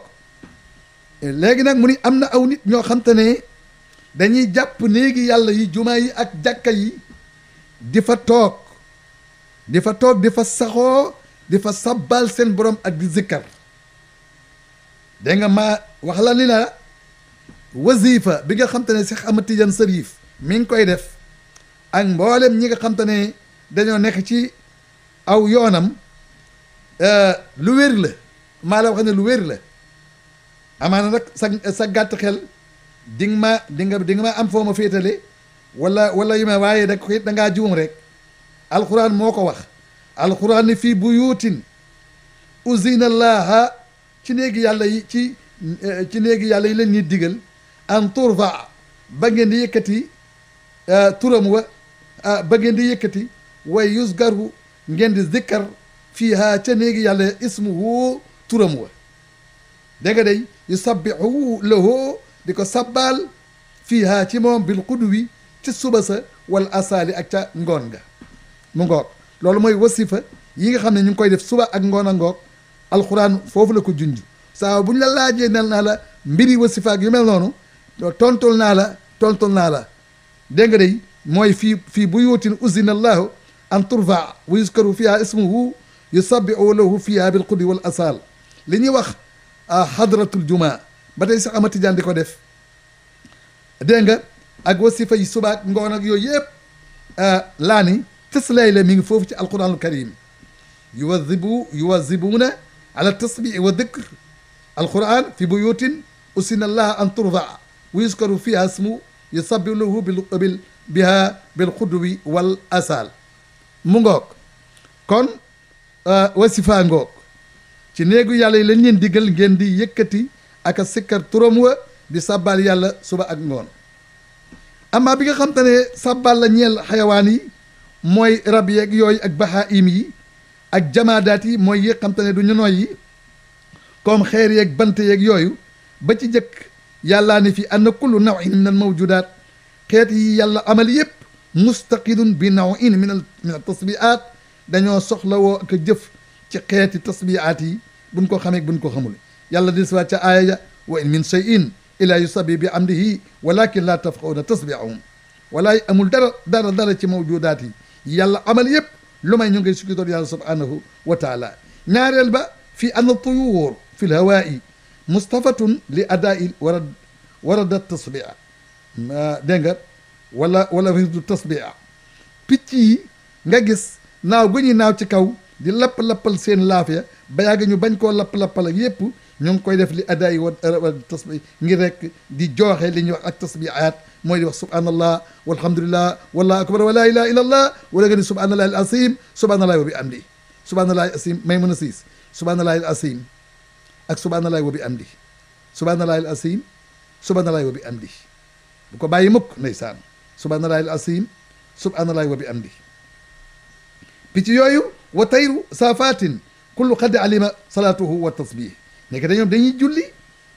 léegi nag mu ni am na aw nit ñoo xam ne dañuy jàpp néegi yàlla yi jumaa yi ak jàkka yi di fa toog di fa toog di fa saxoo di fa sàbbaal seen boroom ak di zikkar dégg nga maa wax la ni la wazifa bi nga xam te ne Cheikh Ahmad Tidiane Sarif mi ngi koy def ak mboolem ñi nga xam te ne dañoo nekk ci aw yoonam euh, lu wér la maa la wax ne lu wér la amaana nag sa sa gàtt xel di ma di di nga ma am foo ma féetale wala wala yu ma waaye da ko da ngaa juum rek alquran moo ko wax alquran ni fi buyuutin uzina allaha ci néegi yàlla yi ci eh, ci néegi yàlla yi leen ñuy digal an turfa ba ngeen di yëkkati eh, turam wa eh, ba ngeen di yëkkati way yusgaru ngeen di zikkar fiiha ca néegi yàlla ismuhu turam wa dégg nga day yu sabbixu lahoo di ko sabbaal fiiha ci moom bil qudwi ci suba sa wal asaali ak ca ngoon nga mu ngoog loolu mooy wasifa yi nga xam ne ñu ngi koy def suba ak ngoon a ngoog alxuraan foofu la ko junj saa bu ñu la laajee nel naa la mbiri wasifa ak yu mel noonu tontul naa la tontul naa la dégg nga day mooy fii fii buyuutin uzina allahu an turfa wa yuskaru fiha ismuhu yusabbihu lahu fiha bil qudwi wal asal li ñuy wax hadratul juma ba tey sax amati jaan di ko def dégg nga ak wasifa yi subaak ngoon ak yooyu yëpp laa ni tës lay la mi ngi foofu ci alquranul karim yuwazibu yuwazibuuna ala tasbii wa dicre alquran fi buyutin usina allaha an turdaa wa yuskaru fiha smu yusabbihu lahu bil biha bil xudwi wal asal mu ngoog kon euh, wasifa ngoog ci néegu yàlla yi lañ leen diggal ngeen di yëkkati ak a sikkar turam wa di sàbbaal yàlla suba ak ngoon amaa bi nga xam te ne sàbbaal la ñeel xayawaan yi mooy rab yeeg yooyu ak bahaim yi ak jamaadaat yi mooy yi xam te ne du ñu noyyi comme xeer yeeg bant yeeg yooyu ba ci jëkk yàllaa ne fi anna kullu nawin min al mawjudaat xeet yi yàlla amal yépp mustaqidun bi nawin min al min al tasbiaat dañoo soxlawoo ak jëf ci xeeti tasbiaat yi buñ ko xamee buñ ko xamul yàlla di siwaat ca aaya ja wa in min cheyin ilaa yusabi bi amdihi walakin laa tafqahuna tasbiahum walaay amul dara dara dara ci mawjudaat yi yàlla amal yépp lu may ñu ngay sukki doon yàlla subhanahu wa taala ñaareel ba fii anna tuyuur fi l hawaa'i mustafatun li adaai warad warada tasbia dégg nga wala wala wirdu tasbia picc yi nga gis naaw gu ñuy naaw ci kaw di lapp-lappal seen laaf ya ba ñu bañ koo lapp-lappal ak yépp ñoo ngi koy def li adaa yi wa tasbi ngir rek di jooxe li ñuy wax ak tasbihaat mooy di wax subhanallah walhamdulillah wallahu akbar wa la ilaha illa allah wala nga ni subhanallah al asim subhanallah wa bi amdi subhanallah al asim may mën a siis subhanallah al asim ak subhanallah wa bi amdi subhanallah al asim subhanallah wa bi amdi bu ko bàyyi mukk ndeysaan subhanallah al asim subhanallah wa bi amdi picc yooyu wa tayru safatin kullu xad alima salaatuhu wa tasbih nekk dañoo dañuy julli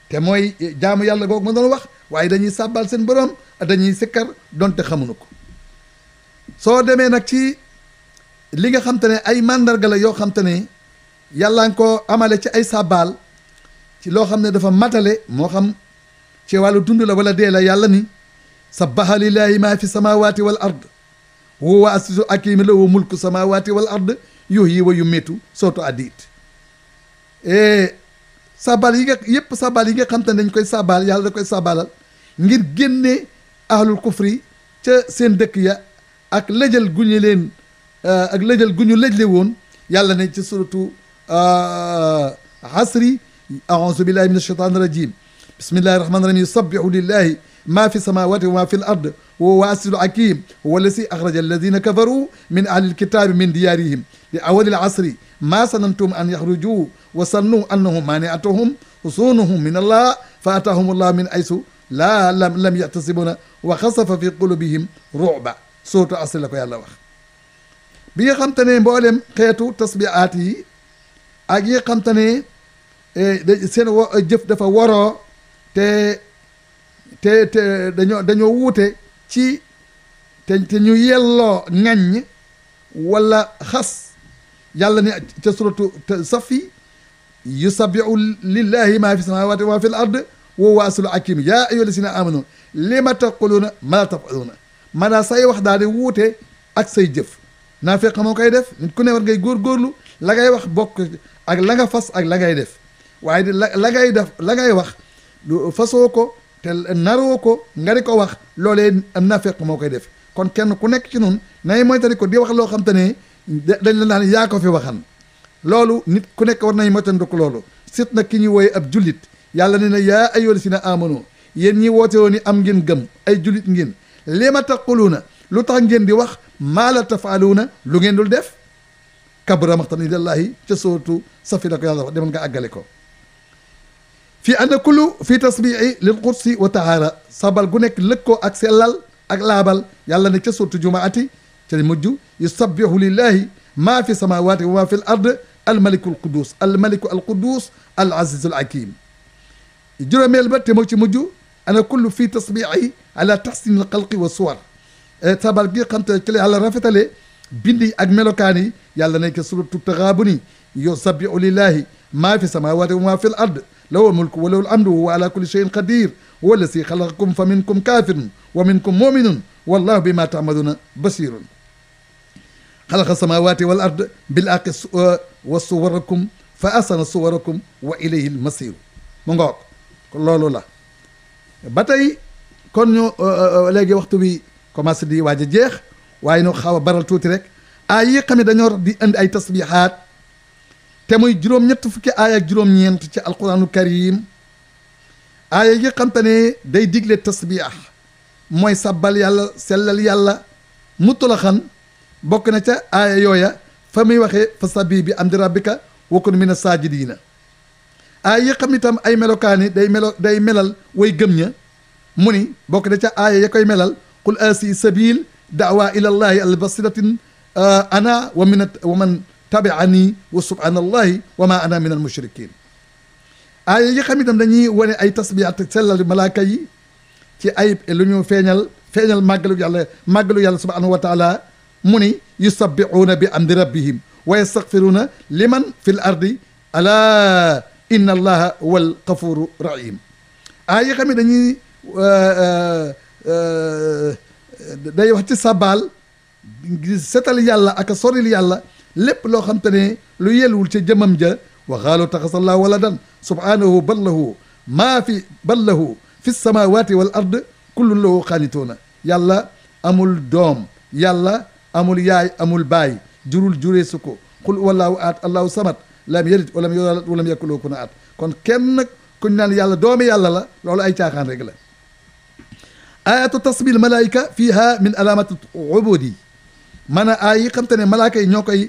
te mooy jaamu yàlla googu ma doon wax waaye dañuy sàbbal seen borom dañuy sikkar donte xamuñu ko soo demee nag ci li nga xam ne ay màndarga la yoo xam te ne yàlla nga ko amale ci ay sàbbaal ci loo xam ne dafa matale moo xam ci wàllu dund la wala dee la yàlla ni sa lillahi ma fi samawati wal ard huwa asisu akimi la wa mulku samawati wal ard yuhyi wa yumiitu sootu addiit eh, saabal yi nga yëpp saabal yi nga xam te ne dañ koy saabal yàlla da koy saabalal ngir génnee ahlul kufri ca seen dëkk ya ak lëjal gu ñu leen euh, ak lëjal gu ñu lëjle woon yàlla ne ci suratu euh, asri aouzu billahi min ashaitan rajim bismillahi rahmani rahim yusabbihu lillahi maa fi samawati wa maa fi l ard wa waasilu hakim wala si axraja alladina kafaru min ahlil kitaabi min diyaarihim li awalil asri maa sanantum an yaxruju wa sannu annahum maaniatuhum husunuhum min allah fa ataahum allah min aysu laa lam lam yaxtasibuna wa xasafa fi qulubihim ruba sootu asri la ko yàlla wax bi nga xam te ne mboolem xeetu tasbihaat yi ak yi nga xam te ne seen jëf dafa waroo te te te dañoo dañoo wuute ci te te ñu yelloo ŋàññ walla xas yàlla ne ca suratu safi yusabihu lillahi maa fi samawati wa ma fi l ard wa huwa aslu hakim yaa ayyuha lazina amanu lima ma la tafaluuna say wax daal di ak say jëf naa fekk moo koy def nit ku ne war ngay góorgóorlu la ngay wax bokk ak la nga fas ak la ngay def waaye di la la ngay def la ngay wax lu ko te naroo ko nga di ko wax loolee am naa moo koy def kon kenn ku nekk ci nun nay moytandi ko di wax loo xam te ne dañ la naan yaa ko fi waxan loolu nit ku nekk war nañ moytandi ko loolu sit na ki ñu wooye ab jullit yàlla ne na yaa ayyuhal lazina aamanu yéen ñi woote woon ni am ngeen gëm ay jullit ngeen lima taquluuna lu tax ngeen di wax maa la tafaaluuna lu ngeen dul def kabura maxtan indallaahi ca sootu safi la ko yàlla wax demal nga àggale ko fii ànd kullu fii tasbii lil qudsi wa tahaara sabal gu nekk lëkkoo ak sellal ak laabal yàlla ne ca surtu jumaati ca mujj yusabbihu lillahi maa fi samawati wa maa fi l ard almaliku alqudus almaliku alqudus al azizu al hakim juróomeel ba te moo ci mujj ana kullu fii tasbii ala taxsini al xalqi wa suwar e, sabal gi xam te ci la yàlla rafetale bindi ak melokaan yi yàlla ne ca surtu taxaabu ni yusabbihu lillahi maa fi samawati wa maa fi l ard له الملك وله الأمر وهو على كل شيء قدير هو الذي خلقكم فمنكم كافر ومنكم مؤمن والله بما تعملون بصير خلق السماوات والأرض بالحق وصوركم فأحسن صوركم وإليه المصير mu ngoog loolu la ba tey kon ñu léegi waxtu bi commencé di waaj a jeex waaye ñu xaw a baral tuuti rek ay yi xam ne dañoo di andi ay tasbihaat te muy juróom-ñett fukki aaya ak ñeent ci alquraanul karim aaya yi xamte day digle tasbiix mooy sabbal yàlla sellal yàlla mutulaxan bokk na ca aaya yooya fa muy waxee fa sabi bi amdi rabbika wakun mina saajidiina aaya yi xam itam ay melokaani day melo day melal way gëm ña mu ni bokk na ca aaya ya koy melal qul asi sabil daawa ila llahi albasiratin uh, wa min wa man tabi'ani wa subhanallahi wa ma ana min al mushrikin aaya yi xam itam dañuy wane ay tasbiyaat sellal malaaka yi ci ay lu ñu feeñal feeñal màggalu yàlla màggalu yàlla subhanahu wa taala mu ni yusabbihuuna bi amdi rabbihim wa yastaghfiruuna liman fi l ardi alaa inna allaha huwa al ghafuru rahim aaya yi xam ne dañuy euh, euh, euh, day wax ci sabaal setal yàlla ak soril yàlla lépp loo xam te ne lu yelwul ca jëmam ja wa xaalu taxasallaa waladan subhaanahu bal lahu maa fi bal lahu fi samawati wal ard kullun lahu xaanituuna yàlla amul doom yàlla amul yaay amul baay jurul jureesu ko xul wallaahu aat allaahu samat lam yalid walam yulad walam yakul lahu kufuwan ahad kon kenn kuñ naan yàlla doomi yàlla la loolu ay caaxaan rek la ayatu tasmil malaayika fiiha min alaamati ubudi maanaam ay yi xam te ne malaaka yi ñoo koy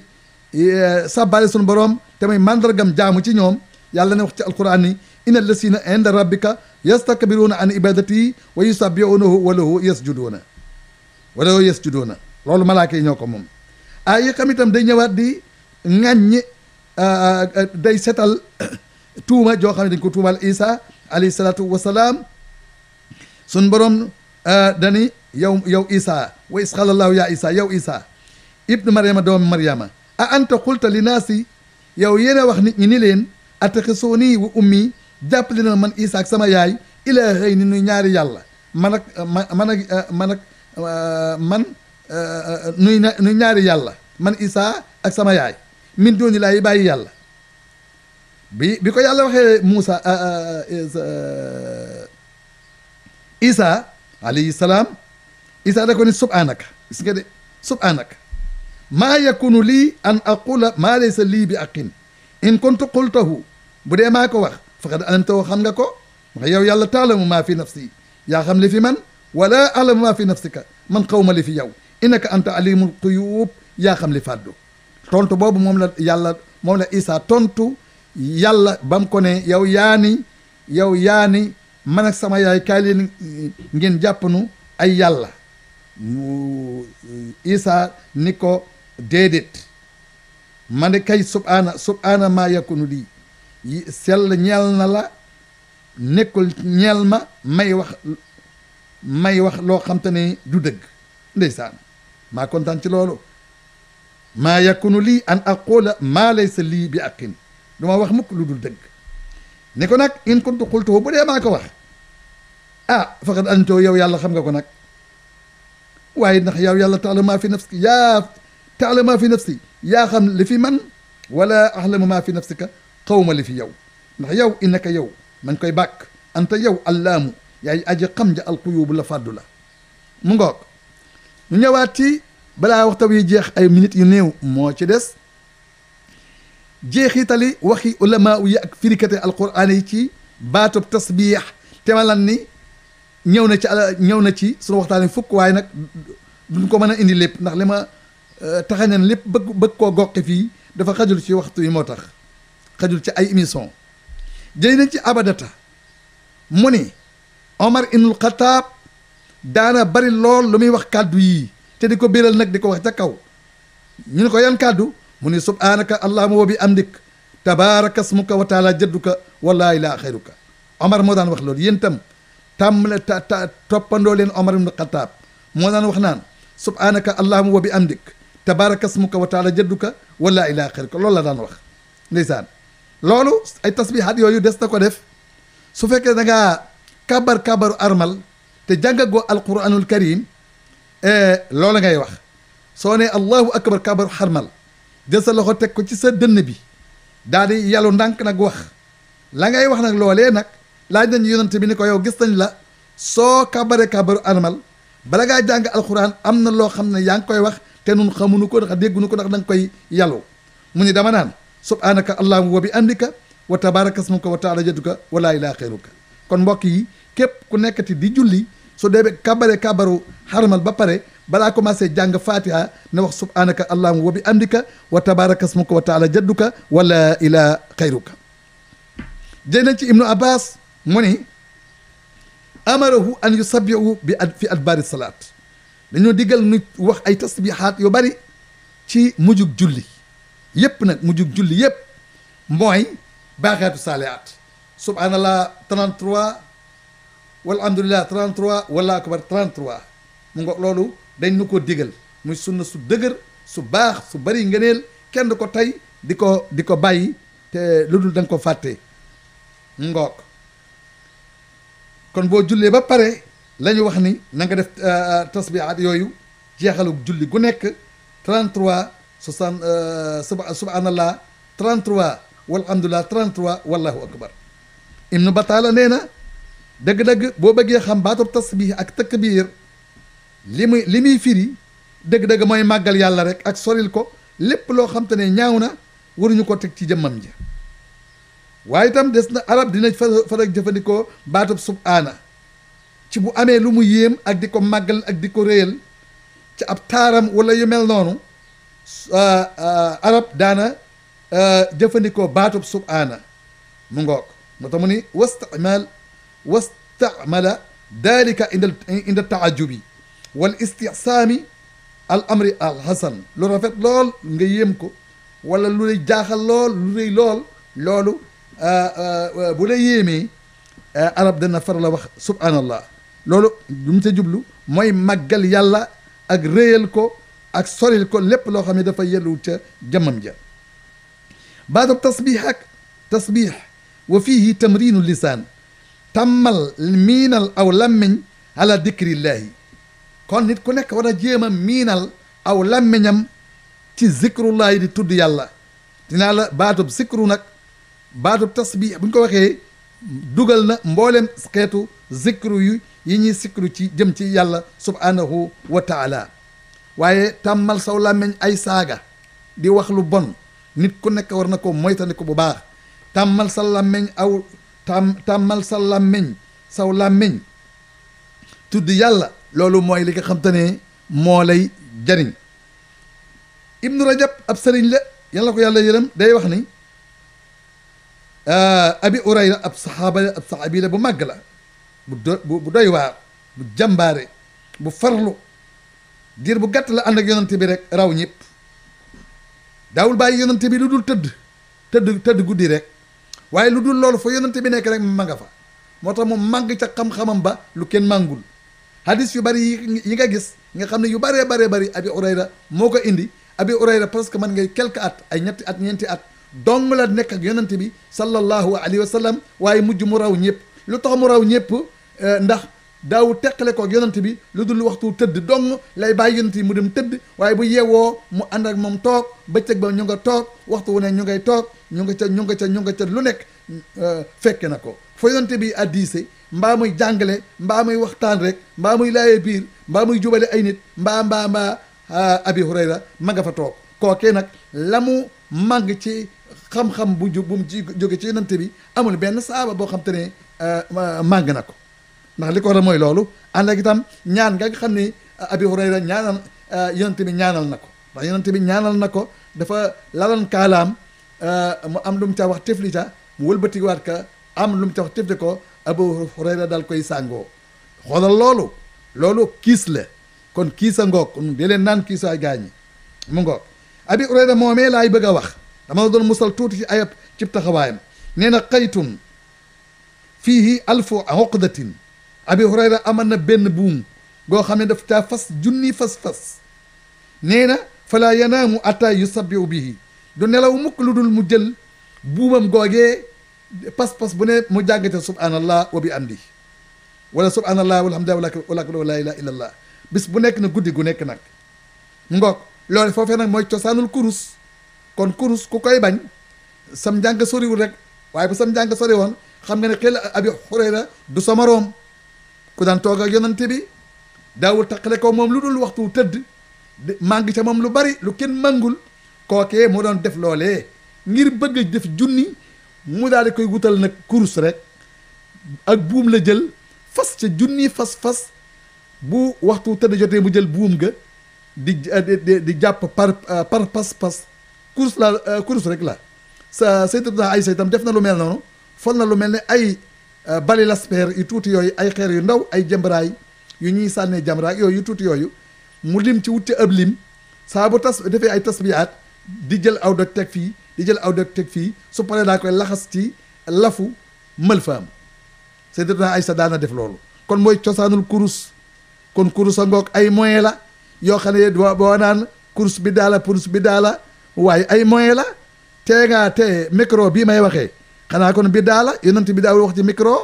sàbbaale sunu borom te muy màndargam jaamu ci ñoom yàlla na wax ci alquran ni inna lasina inda rabbika yastakbiruuna an ibadati wa yusabbihunahu wa lahu yasjuduuna wa lahu yasjuduuna loolu malaaka yi ñoo ko moom ay xam itam day ñëwaat di ŋàññ ah, ah, ah, day setal [COUGHS] tuuma joo xam ne dañ ko isa alayhi salaatu wasalaam sun borom dani yow yow isa wa isqalallahu ya isa yow isa ibnu mariama doomu mariama a anta xulta li naasi yow yéen a wax nit ñi ni leen ataxisoo nii wa ummi jàppale na man Isa ak sama yaay ilaahay ni nu ñaari yàlla man ak man ak man ak eh, man eh, eh, nuy nuy ñaari yàlla man Isa ak sama yaay min dooni laay bàyyi yàlla bi bi ko yàlla waxee Moussa Isa alayhi salaam Isa da ko ni subhanaka gis nga de subhanaka maa yakunu lii an aqula maa laysa lii bi aqin in kuntu qultahu bu dee maa ko wax faqad alimtahu xam nga ko wax yow yàlla taalamu maa fi nafsi yaa xam li fi man wala alamu maa fi nafsika man xaw ma li fi yow innaka anta alimul quyub yaa xam li fàddu tontu boobu moom la yàlla moom la Isaa tontu yàlla ba mu ko ne yow yaani yow yaani man ak sama yaay kaay leen ngeen jàpp nu ay yàlla Isaa ni ko déedéet ma ne kay subhaana subhaana maa yakunu lii sell ñeel na la nekkul ñeel ma may wax may wax loo xam te ne du dëgg ndeysaan maa kontaan ci loolu maa yakunu lii an aqula maa laysa lii bi aqin du ma wax mukk lu dul dëgg ne ko nag in kuntu xultuhu bu dee maa ko wax ah faqad antoo yow yàlla xam nga ko nag waaye ndax yow yàlla taala maa fi nafsi yaa taalamu maa fi nafsi yaa xam li fi man wala ahlamu maa fi nafsika xawma li fi yow ndax yow innaka yow man koy bàkk anta yow allaamu yaay aji xam ja alquyubu la fàddu la mu ngoog ñu ñëwaat ci balaa waxta wi jeex ay minutes yu néew moo ci des jeexitali waxi ulama yi ak firikate alquran yi ci baatub tasbiix temalan ni ñëw na ci ñëw na ci sunu waxtaan fukk waaye nag duñ ko mën a indi lépp ndax li Euh, taxañan lépp bëgg bëgg koo goqi fii dafa xajul ci waxtu yi moo tax xajul ci ay émission jëy nañ ci abadata mu ni Omar ibnul Xataab daana bari lool lu muy wax kàddu yi te di ko biral nag di ko wax ca kaw ñu ko yan kàddu mu ni subhaanaka allahumma wa bi amdik tabaaraka smuka wa taala jadduka wallaahi laa xayruka Omar moo daan wax loolu yéen itam tàmmale ta ta toppandoo leen Omar moo daan wax naan subhaanaka allahumma wa bi amdik tabaaraka smuka wa taala jadduka wala ilaa xirka loolu la daan wax ndeysaan loolu ay tasbihaat yooyu des na ko def su fekkee da ngaa kabar armal te jàngagoo alquranul karim eh, loola ngay wax soo nee allahu akbar kabaru armal jël sa loxo teg ko ci sa dënn bi daal di yàllu ndànk nag wax la ngay wax nag loole nag laaj nañu yonante bi ni ko yow gis nañ la soo kabare kabaru armal bala ngaa jàng am na loo xam ne yaa ngi koy wax te nun xamuñu ko ndax dégguñu ko ndax da koy yàllu mu ni dama naan subhanaka allahuma wa bi andika wa tabaraka smuka wa taala jaduka wa laa ilaaha xayruka kon mbokk yi képp ku nekkati di julli su dee kabare kabaru xaramal ba pare balaa commencé jàng fatiha na wax subhanaka allahuma wa bi andika wa tabaraka smuka wa taala jadduka wa laa ilaaha xayruka jël nañ ci ibnu abbas mu ni amarahu an yusabbihu bi fi adbaari salaat dañoo diggal nu wax ay tasbihaat yoo bari ci mujjug julli yépp nag mujjug julli yépp mooy baaxaatu saalihaat subhanallah 33 walhamdulilah 33 wala akbar 33 mu nga loolu dañ nu ko digal mu sunna su dëgër su baax su bari ngëneel kenn du ko tey di ko di ko bàyyi te lu dul da ko fàtte ngoog kon boo jullee ba pare la ñu wax ni na nga def euh, euh, tasbihaat yooyu jeexalu julli gu nekk 33 60 euh, subhanallah 33 walhamdulillah 33 wallahu akbar ibnu bataala nee na dëgg-dëgg boo bëggee xam baatub tasbih ak takbir li muy li muy firi dëgg-dëgg mooy màggal yàlla rek ak soril ko lépp loo xam te ne ñaaw na waruñu ko teg ci jëmmam ja waaye itam des na arab dina fa fa rek jëfandikoo baatub subhaana ci bu amee lu mu yéem ak di ko màggal ak di ko réyal ci ab taaram wala yu noonu arab daana jëfandikoo baatub subhaana mu ngoog moo tax mu ni wastimal wastamala dalika inda inda taajubi wal istihsaami al amri al hasan lu rafet lool nga yéem ko wala lu lay jaaxal lool lu rëy lool loolu bu la yéemee arab dana faral a wax subhaanallah loolu lu mu ca jublu mooy màggal yàlla ak réyal ko ak soril ko lépp loo xam ne dafa yellu ca jëmmam ja baadab tasbix ak tasbix wa fiihi tamrinu lisaan tàmmal miinal aw lammiñ ala dicrillaahi kon nit ku nekk war a jéem a miinal aw lammiñam ci zikrullaahi di tudd yàlla dinaa la baatub zikru nag baatub tasbix bu ñu ko waxee dugal na mboolem xeetu zikru yu yi ñuy sikru ci jëm ci yàlla subhaanahu wa taala waaye tàmmal saw làmmiñ ay saaga di wax lu bon nit ku nekk war na ko moytandiku bu baax tàmmal sa làmmiñ aw tàm tàmmal sa làmmiñ saw làmmiñ tudd yàlla loolu mooy li nga xam ne moo lay jariñ ibnu rajab ab sëriñ la yàlla ko yàlla yërëm day wax ni ah, abi urayra ab saxaaba la ab saxaabi la bu màgg la bu do bu doy waar bu jàmbaare bu farlu diir bu gàtt la ànd ak yonante bi rek raw ñëpp daawul bàyyi yonante bi lu dul tëdd tëdd tëdd guddi rek waaye lu dul loolu fa yonante bi nekk rek ma nga fa moo tax moom màgg ca xam-xamam ba lu kenn màngul hadis yu bari yi nga gis nga xam ne yu bëree baree bari abi urayra moo ko indi abi urayra parce que man ngay quelque at ay ñetti at ñeenti at dong la nekk ak yonante bi sallallahu alayhi wa sallam waaye mujj mu raw ñëpp lu tax mu raw ñëpp Eh, ndax daawu teqale koog yonent bi lu dul waxtu tëdd dong lay bàyyi yonent yi mu dem tëdd waaye bu yeewoo mu ànd ak moom toog bëccëg ba ñu nga toog waxtu wu ne ñu ngay toog ñu nga ca ñu nga ca ñu nga ca lu nekk eh, fekke na ko fa yonent bi addiise mbaa muy jàngale mbaa muy waxtaan rek mbaa muy laaye biir mbaamuy muy jubale ay nit mbaa mbaa mbaa abi hurayra ma nga fa toog kookee nag lamu mu màgg ci xam-xam bu ju bu mu jóge ci yonent bi amul benn saaba boo xam te ne eh, màgg na ko ndax li ko waral mooy loolu ànd ak itam ñaan nga xam ni Abi ñaan ñaanal yonent bi ñaanal na ko ndax bi ñaanal na ko dafa lalan kaalaam mu am lu mu ca wax tefli ca mu wëlbatiwaat ka am lum mu ca wax tefli ko Abu dal daal koy sàngoo xoolal loolu loolu kiis la kon kiis a ngoog di leen naan kiis ay gaañi mu ngoog Abi Hurayra moomee laay bëgg a wax dama la doon musal tuuti ci ayab cib taxawaayam nee na xaytun fiihi alfu uqdatin abi hurayra aman na benn buum goo xam ne daf taa fas junni fas-fas nee na fala yanaamu atta yusabbihu bihi du nelaw mukk lu dul mu jël buumam googee pas-pas bu ne mu jàngate subhanallah wa bi amdi wala subhanallah walhamdulillah wala laa ilaaha illallah bis bu nekk na guddi gu nekk nag ngoog loolu foofee nag mooy cosaanul kurus kon kurus ku koy bañ sam njàng soriwul rek waaye bu sam njàng sori woon xam nga ne xel abi xurayra du sama room ku daan toog ak yonante bi daawul taqale ko moom lu dul waxtu tëdd màng ca moom lu bari lu kenn mangul kookee moo daan def loole ngir bëgg def junni mu daal di koy wutal nag kurus rek ak buum la jël fas ca junni fas fas bu waxtu tëdd jotee mu jël buum ga di di jàpp par euh, par pas pas kurus la euh, kurus rek la sa sayyidatuna Aysa itam def na lu mel noonu fol na lu mel ne ay Euh, bali laspeer yu tuuti yooyu ay xeer yu ndaw ay jambaraay yu ñuy sànnee jëmbaraay yooyu yu tuuti yooyu mu lim ci wut ci ab lim saa bu tas defee ay tasbiyaat di jël aw doj teg fii di jël teg fii su paree daa koy laxas ci lafu mël faam ay Aysa daana def loolu kon mooy cosaanul kurus kon kurus a ngoog ay moyen la yoo xam ne boo naan kurus bi daala kurus bi daala waaye ay moyen la tee ngaa tee micro bii may waxee xanaa kon biddaa la yonent bi daawul wax ci micro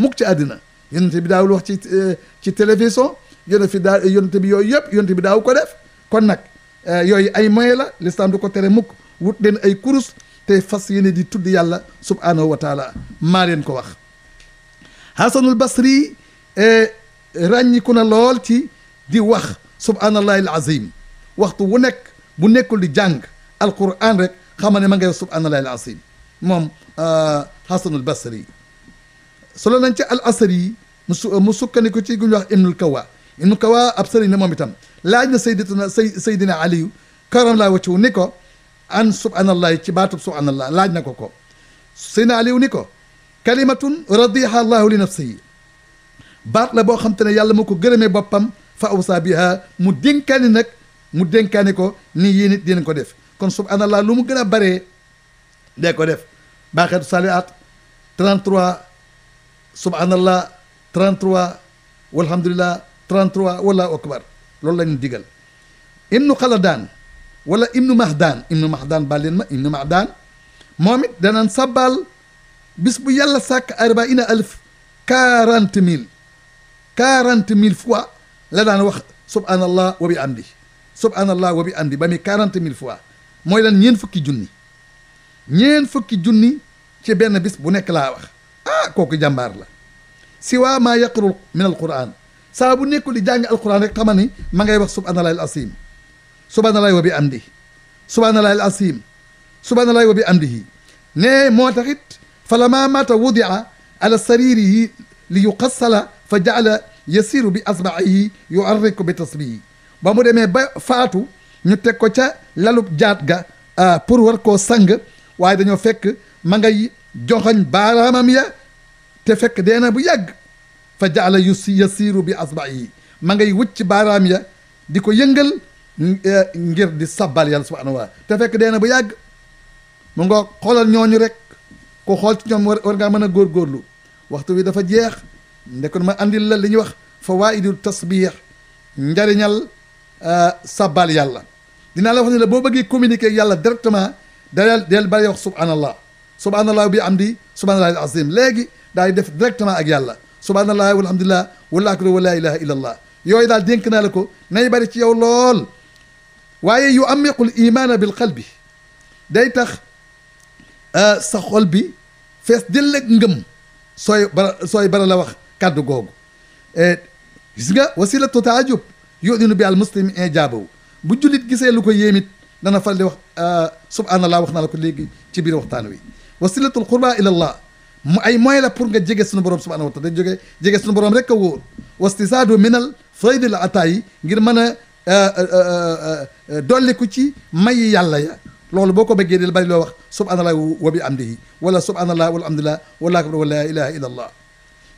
mukk ci àddina yonent bi daawul wax ci eh, ci télévision yonent fi daa yonent bi yooyu yëpp yonent bi daaw ko def kon nag eh, yooyu ay moyen la l'islam du ko tere mukk wut den ay kurus tey fas yéene di tudd yàlla subhaanahu wa taala maa leen ko wax hasanul basri eh, ràññiku na lool ci di wax subhaanallahi al azim waxtu wu nekk bu nekkul di jàng alquran rek xama ne ma ngay subhaanallahi al azim moom xasanul euh, basri solo nañ ca al asar yi mu su mu sukkandiku ci gu ñuy wax kawa ibnul kawa ab sëriñ la moom itam laaj na saydatuna say saydina aliyu karam laa wacciwu ni ko an subhanallah ci baatub subhanallah laaj na ko ko saydina aliyu ni ko kalimatun radiha allahu li nafsihi baat la boo xam te ne yàlla moo ko gërëmee boppam fa awsa biha mu dénkaani nag mu dénkaani ko ni yéen it dinañ ko def kon subhanallah lu mu gën a baree dee ko def baaxeetu saalihaat 33 subhanallah 33 walhamdulillah 33 wallahu akbar loolu la ñu digal ibnu xaladaan wala ibnu mahdaan ibnu mahdaan baal leen ma ibnu mahdaan moom it danaan sàbbaal bis bu yàlla sàkk arbaina alf quarante mille quarante mille fois la daan wax subhanallah wa bi amdi subhanallah wa bi amdi ba muy quarante mille fois mooy lan ñeent fukki junni ñeen fukki junni ci benn bis bu nekk laa wax ah kooku jàmbaar la si waa maa yaqarul min alquran saa bu nekkul di jàng alquran rek xamal ni ma ngay wax subhaanallaahi al asiim wa bi amdi subhaanallaahi al bi amdihi moo taxit falammaa maata wudia ala sariirihi li yuqassala fa jaala yasiru bi asbaihi yuarriku bi tasbihi ba mu demee ba faatu ñu teg ko ca lalub jaat ga ah, pour war koo sang waaye dañoo fekk ma ngay joxoñ baaraamam ya te fekk deena bu yàgg fa yu si yasiiru bi asba yi ma ngay wëcc baaraam ya di ko yëngal e, ngir di sabbal yàlla subhanahu te fekk dee bu yàgg mu nga xoolal ñooñu rek ko xool ci ñoom war ngaa mën a góor góorlu waxtu wi dafa jeex ndekon ma indi la li ñuy wax fawaidul tasbih njariñal e, sabbal yàlla dinaa la wax ne la boo bëggee communiquer yàlla directement del del bari wax subhanallah subhanallah bi am di subhanallah azim léegi daal di def directement ak yàlla subhanallah walhamdulillah wala akbar wala ilaha illa allah yooyu daal dénk naa la ko nay bari ci yow lool waaye yu amiqul imaana bil qalbi day tax euh, sa xol bi fees dëll ak ngëm sooy bara sooy bara la wax kàddu googu gis nga wasilatu taajub yudinu bi al muslim in jaabaw bu jullit gisee lu ko yéemit dana faral di wax ah, subhanallah wax naa la ko léegi ci biir waxtaan wi wasilatul qurba ila allah mu ay moyen la pour nga jege suñu borom subhanahu wa taala da jóge jege suñu borom rek a wóor wastisaadu minal faydil ataayi ngir mën a ah, ah, dolliku ci mayi yàlla ya loolu boo ko bëggee del bari loo wax subhanallah wa bi amdihi wala subhanallah walhamdulillah wala akbar wala ilaha illa allah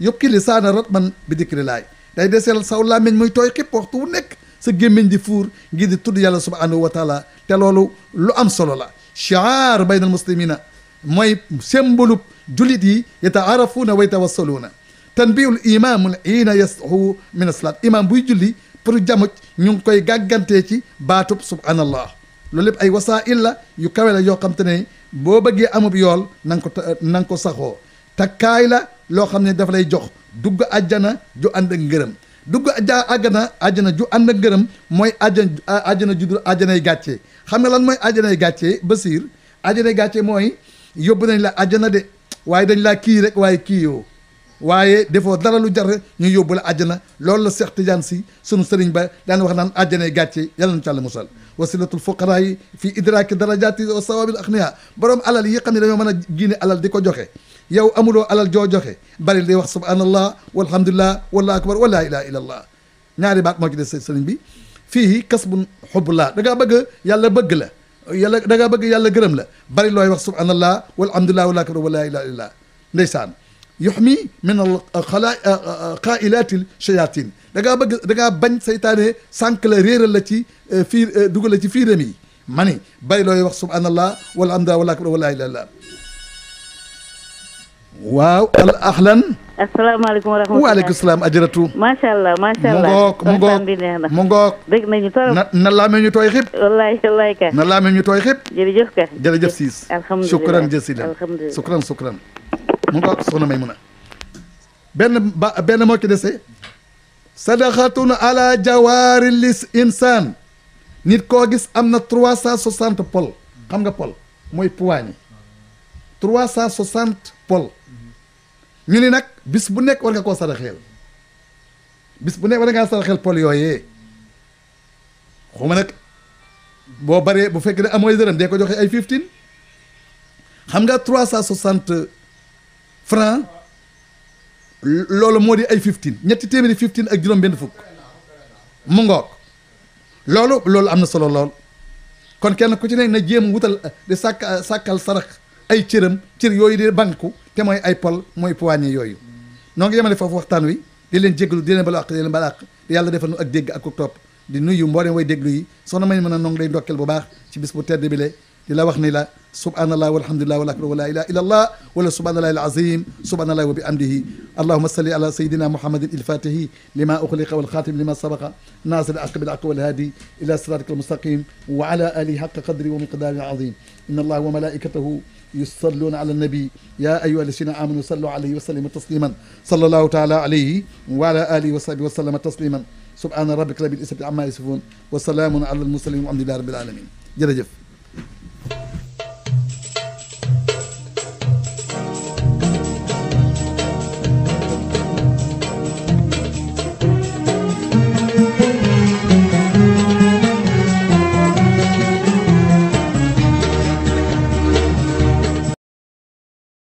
yukki lisaana ratman bi dikrillaay day deseel saw làmmiñ muy tooy xipp waxtu wu nekk sa gémmiñ di fuur ngir di tudd yàlla subhanahu wa taala te loolu lu am solo la chiar bayna al muslimina mooy sembalub julit yi yetaarafuuna wa yetawassaluuna tanbihul imamul iina yasxu min asalaat buy julli pour jamuj ñu ngi koy gàggantee ci baatub subhaanallah loolu lépp ay wasaa'il la yu kawe la yoo xam te ne boo bëggee amub yool na ko na nga ko saxoo takkaay la loo xam ne dafa lay jox dugg àjjana ju ànd ak ngërëm dugg ja àggana àjjana ju ànd ak gërëm mooy àjjana àjjana ju dul yi gàcce xam nga lan mooy àjjanay gàcce Basiir àjjanay gàcce mooy yóbbu nañ la àjjana de waaye dañ laa kii rek waaye kii yoo waaye defoo dara lu jar ñu yóbbu la àjjana loolu la Seex Tijaan Si sunu sëriñ ba daan wax naan àjjanay gàcce yàlla na càll musal wasilatul fuqaraa yi fii idraaki darajaati wa sawaabil axniyaa borom alal yi xam ne dañoo mën a génne alal di ko joxe yow amuloo alal joo joxe bari day wax subhaanallah walhamdulillah wallahu akbar wa laa ilaha illa allah ñaari baat moo ci des sëriñ bi fii kasbun xubbulaa da ngaa bëgg yàlla bëgg la yàlla da ngaa bëgg yàlla gërëm la bari looy wax subhaanallah walhamdulillah wallahu akbar wa laa ilaha illa allah ndeysaan yuxmi min alxala euh, euh, euh, xaailatil shayatin da ngaa bëgg da ngaa bañ saytaane sànq la réeral la ci fii dugal la ci fiiram yi ma ni bari looy wax subhaanallah walhamdulillah wallahu akbar wa laa ilaha illa allah waaw al ahlan asalaamaaleykum wa rahmatulah waaleykum salaam ajaratu macha allah macha allah mu ngoog mu ngoog mu ngoog dégg nañu torop na na laamee ñu tooy xib wallaay wallaay ka na laamee ñu tooy xib jërëjëf ka jërëjëf siis alhamdulilah sukran jasilan alhamdulilah sukran sukran mu ngoog soxna may mun a benn ba benn moo ci dese sadaqatun ala jawaari lis insaan nit koo gis am na trois cent soixante pol xam nga pol mooy poignée trois cent soixante pol ñu ni nag bis bu nekk war nga koo saraxeel bis bu nekk war ngaa saraxeel pol yooyee xuma nag boo baree bu fekkee ne amoo dërëm dee ko joxe ay fifteen xam nga trois cent soixante franc loolu moo di ay fifteen ñetti téeméeri fifteen ak juróom benn fukk mu ngoog loolu loolu am na solo lool kon kenn ku ci nekk na jéem wutal di sàkk sàkkal sarax ay cëram cër yooyu di banku te mooy ay pol mooy poignée yooyu noo ngi yemale foofu waxtaan wi di leen jéggalu di leen balu àq di leen balu àq yàlla defal nu ak dégg ak ku topp di nuyu mboolem way déglu yi soxna may mën a nong day ndokkeel bu baax ci bis bu tedd bi le di la wax ni la subhanallah walhamdulillah wala akbar wala ilaha illa allah wala subhanallah alazim subhanallah wa bi amdihi allahuma salli ala sayidina muhammadin ilfatihi lima uxliqa walxatim lima sabaqa nasir alaq bilaq walhaadi ila siratika almustaqim wa ala alihi xaqa qadri wa miqdaari alazim inna allah wa malaikatahu yusalluuna ala nabi yaa ayyuha allazina amanu sallu alayhi wa sallimu tasliman sallallahu taala alayhi wa ala alihi wa sahbihi wa sallama tasliman subhana rabbika rabbil izzati amma yasifun wa salaamun ala al mursalin walhamdulillahi rabbil alamin jërëjëf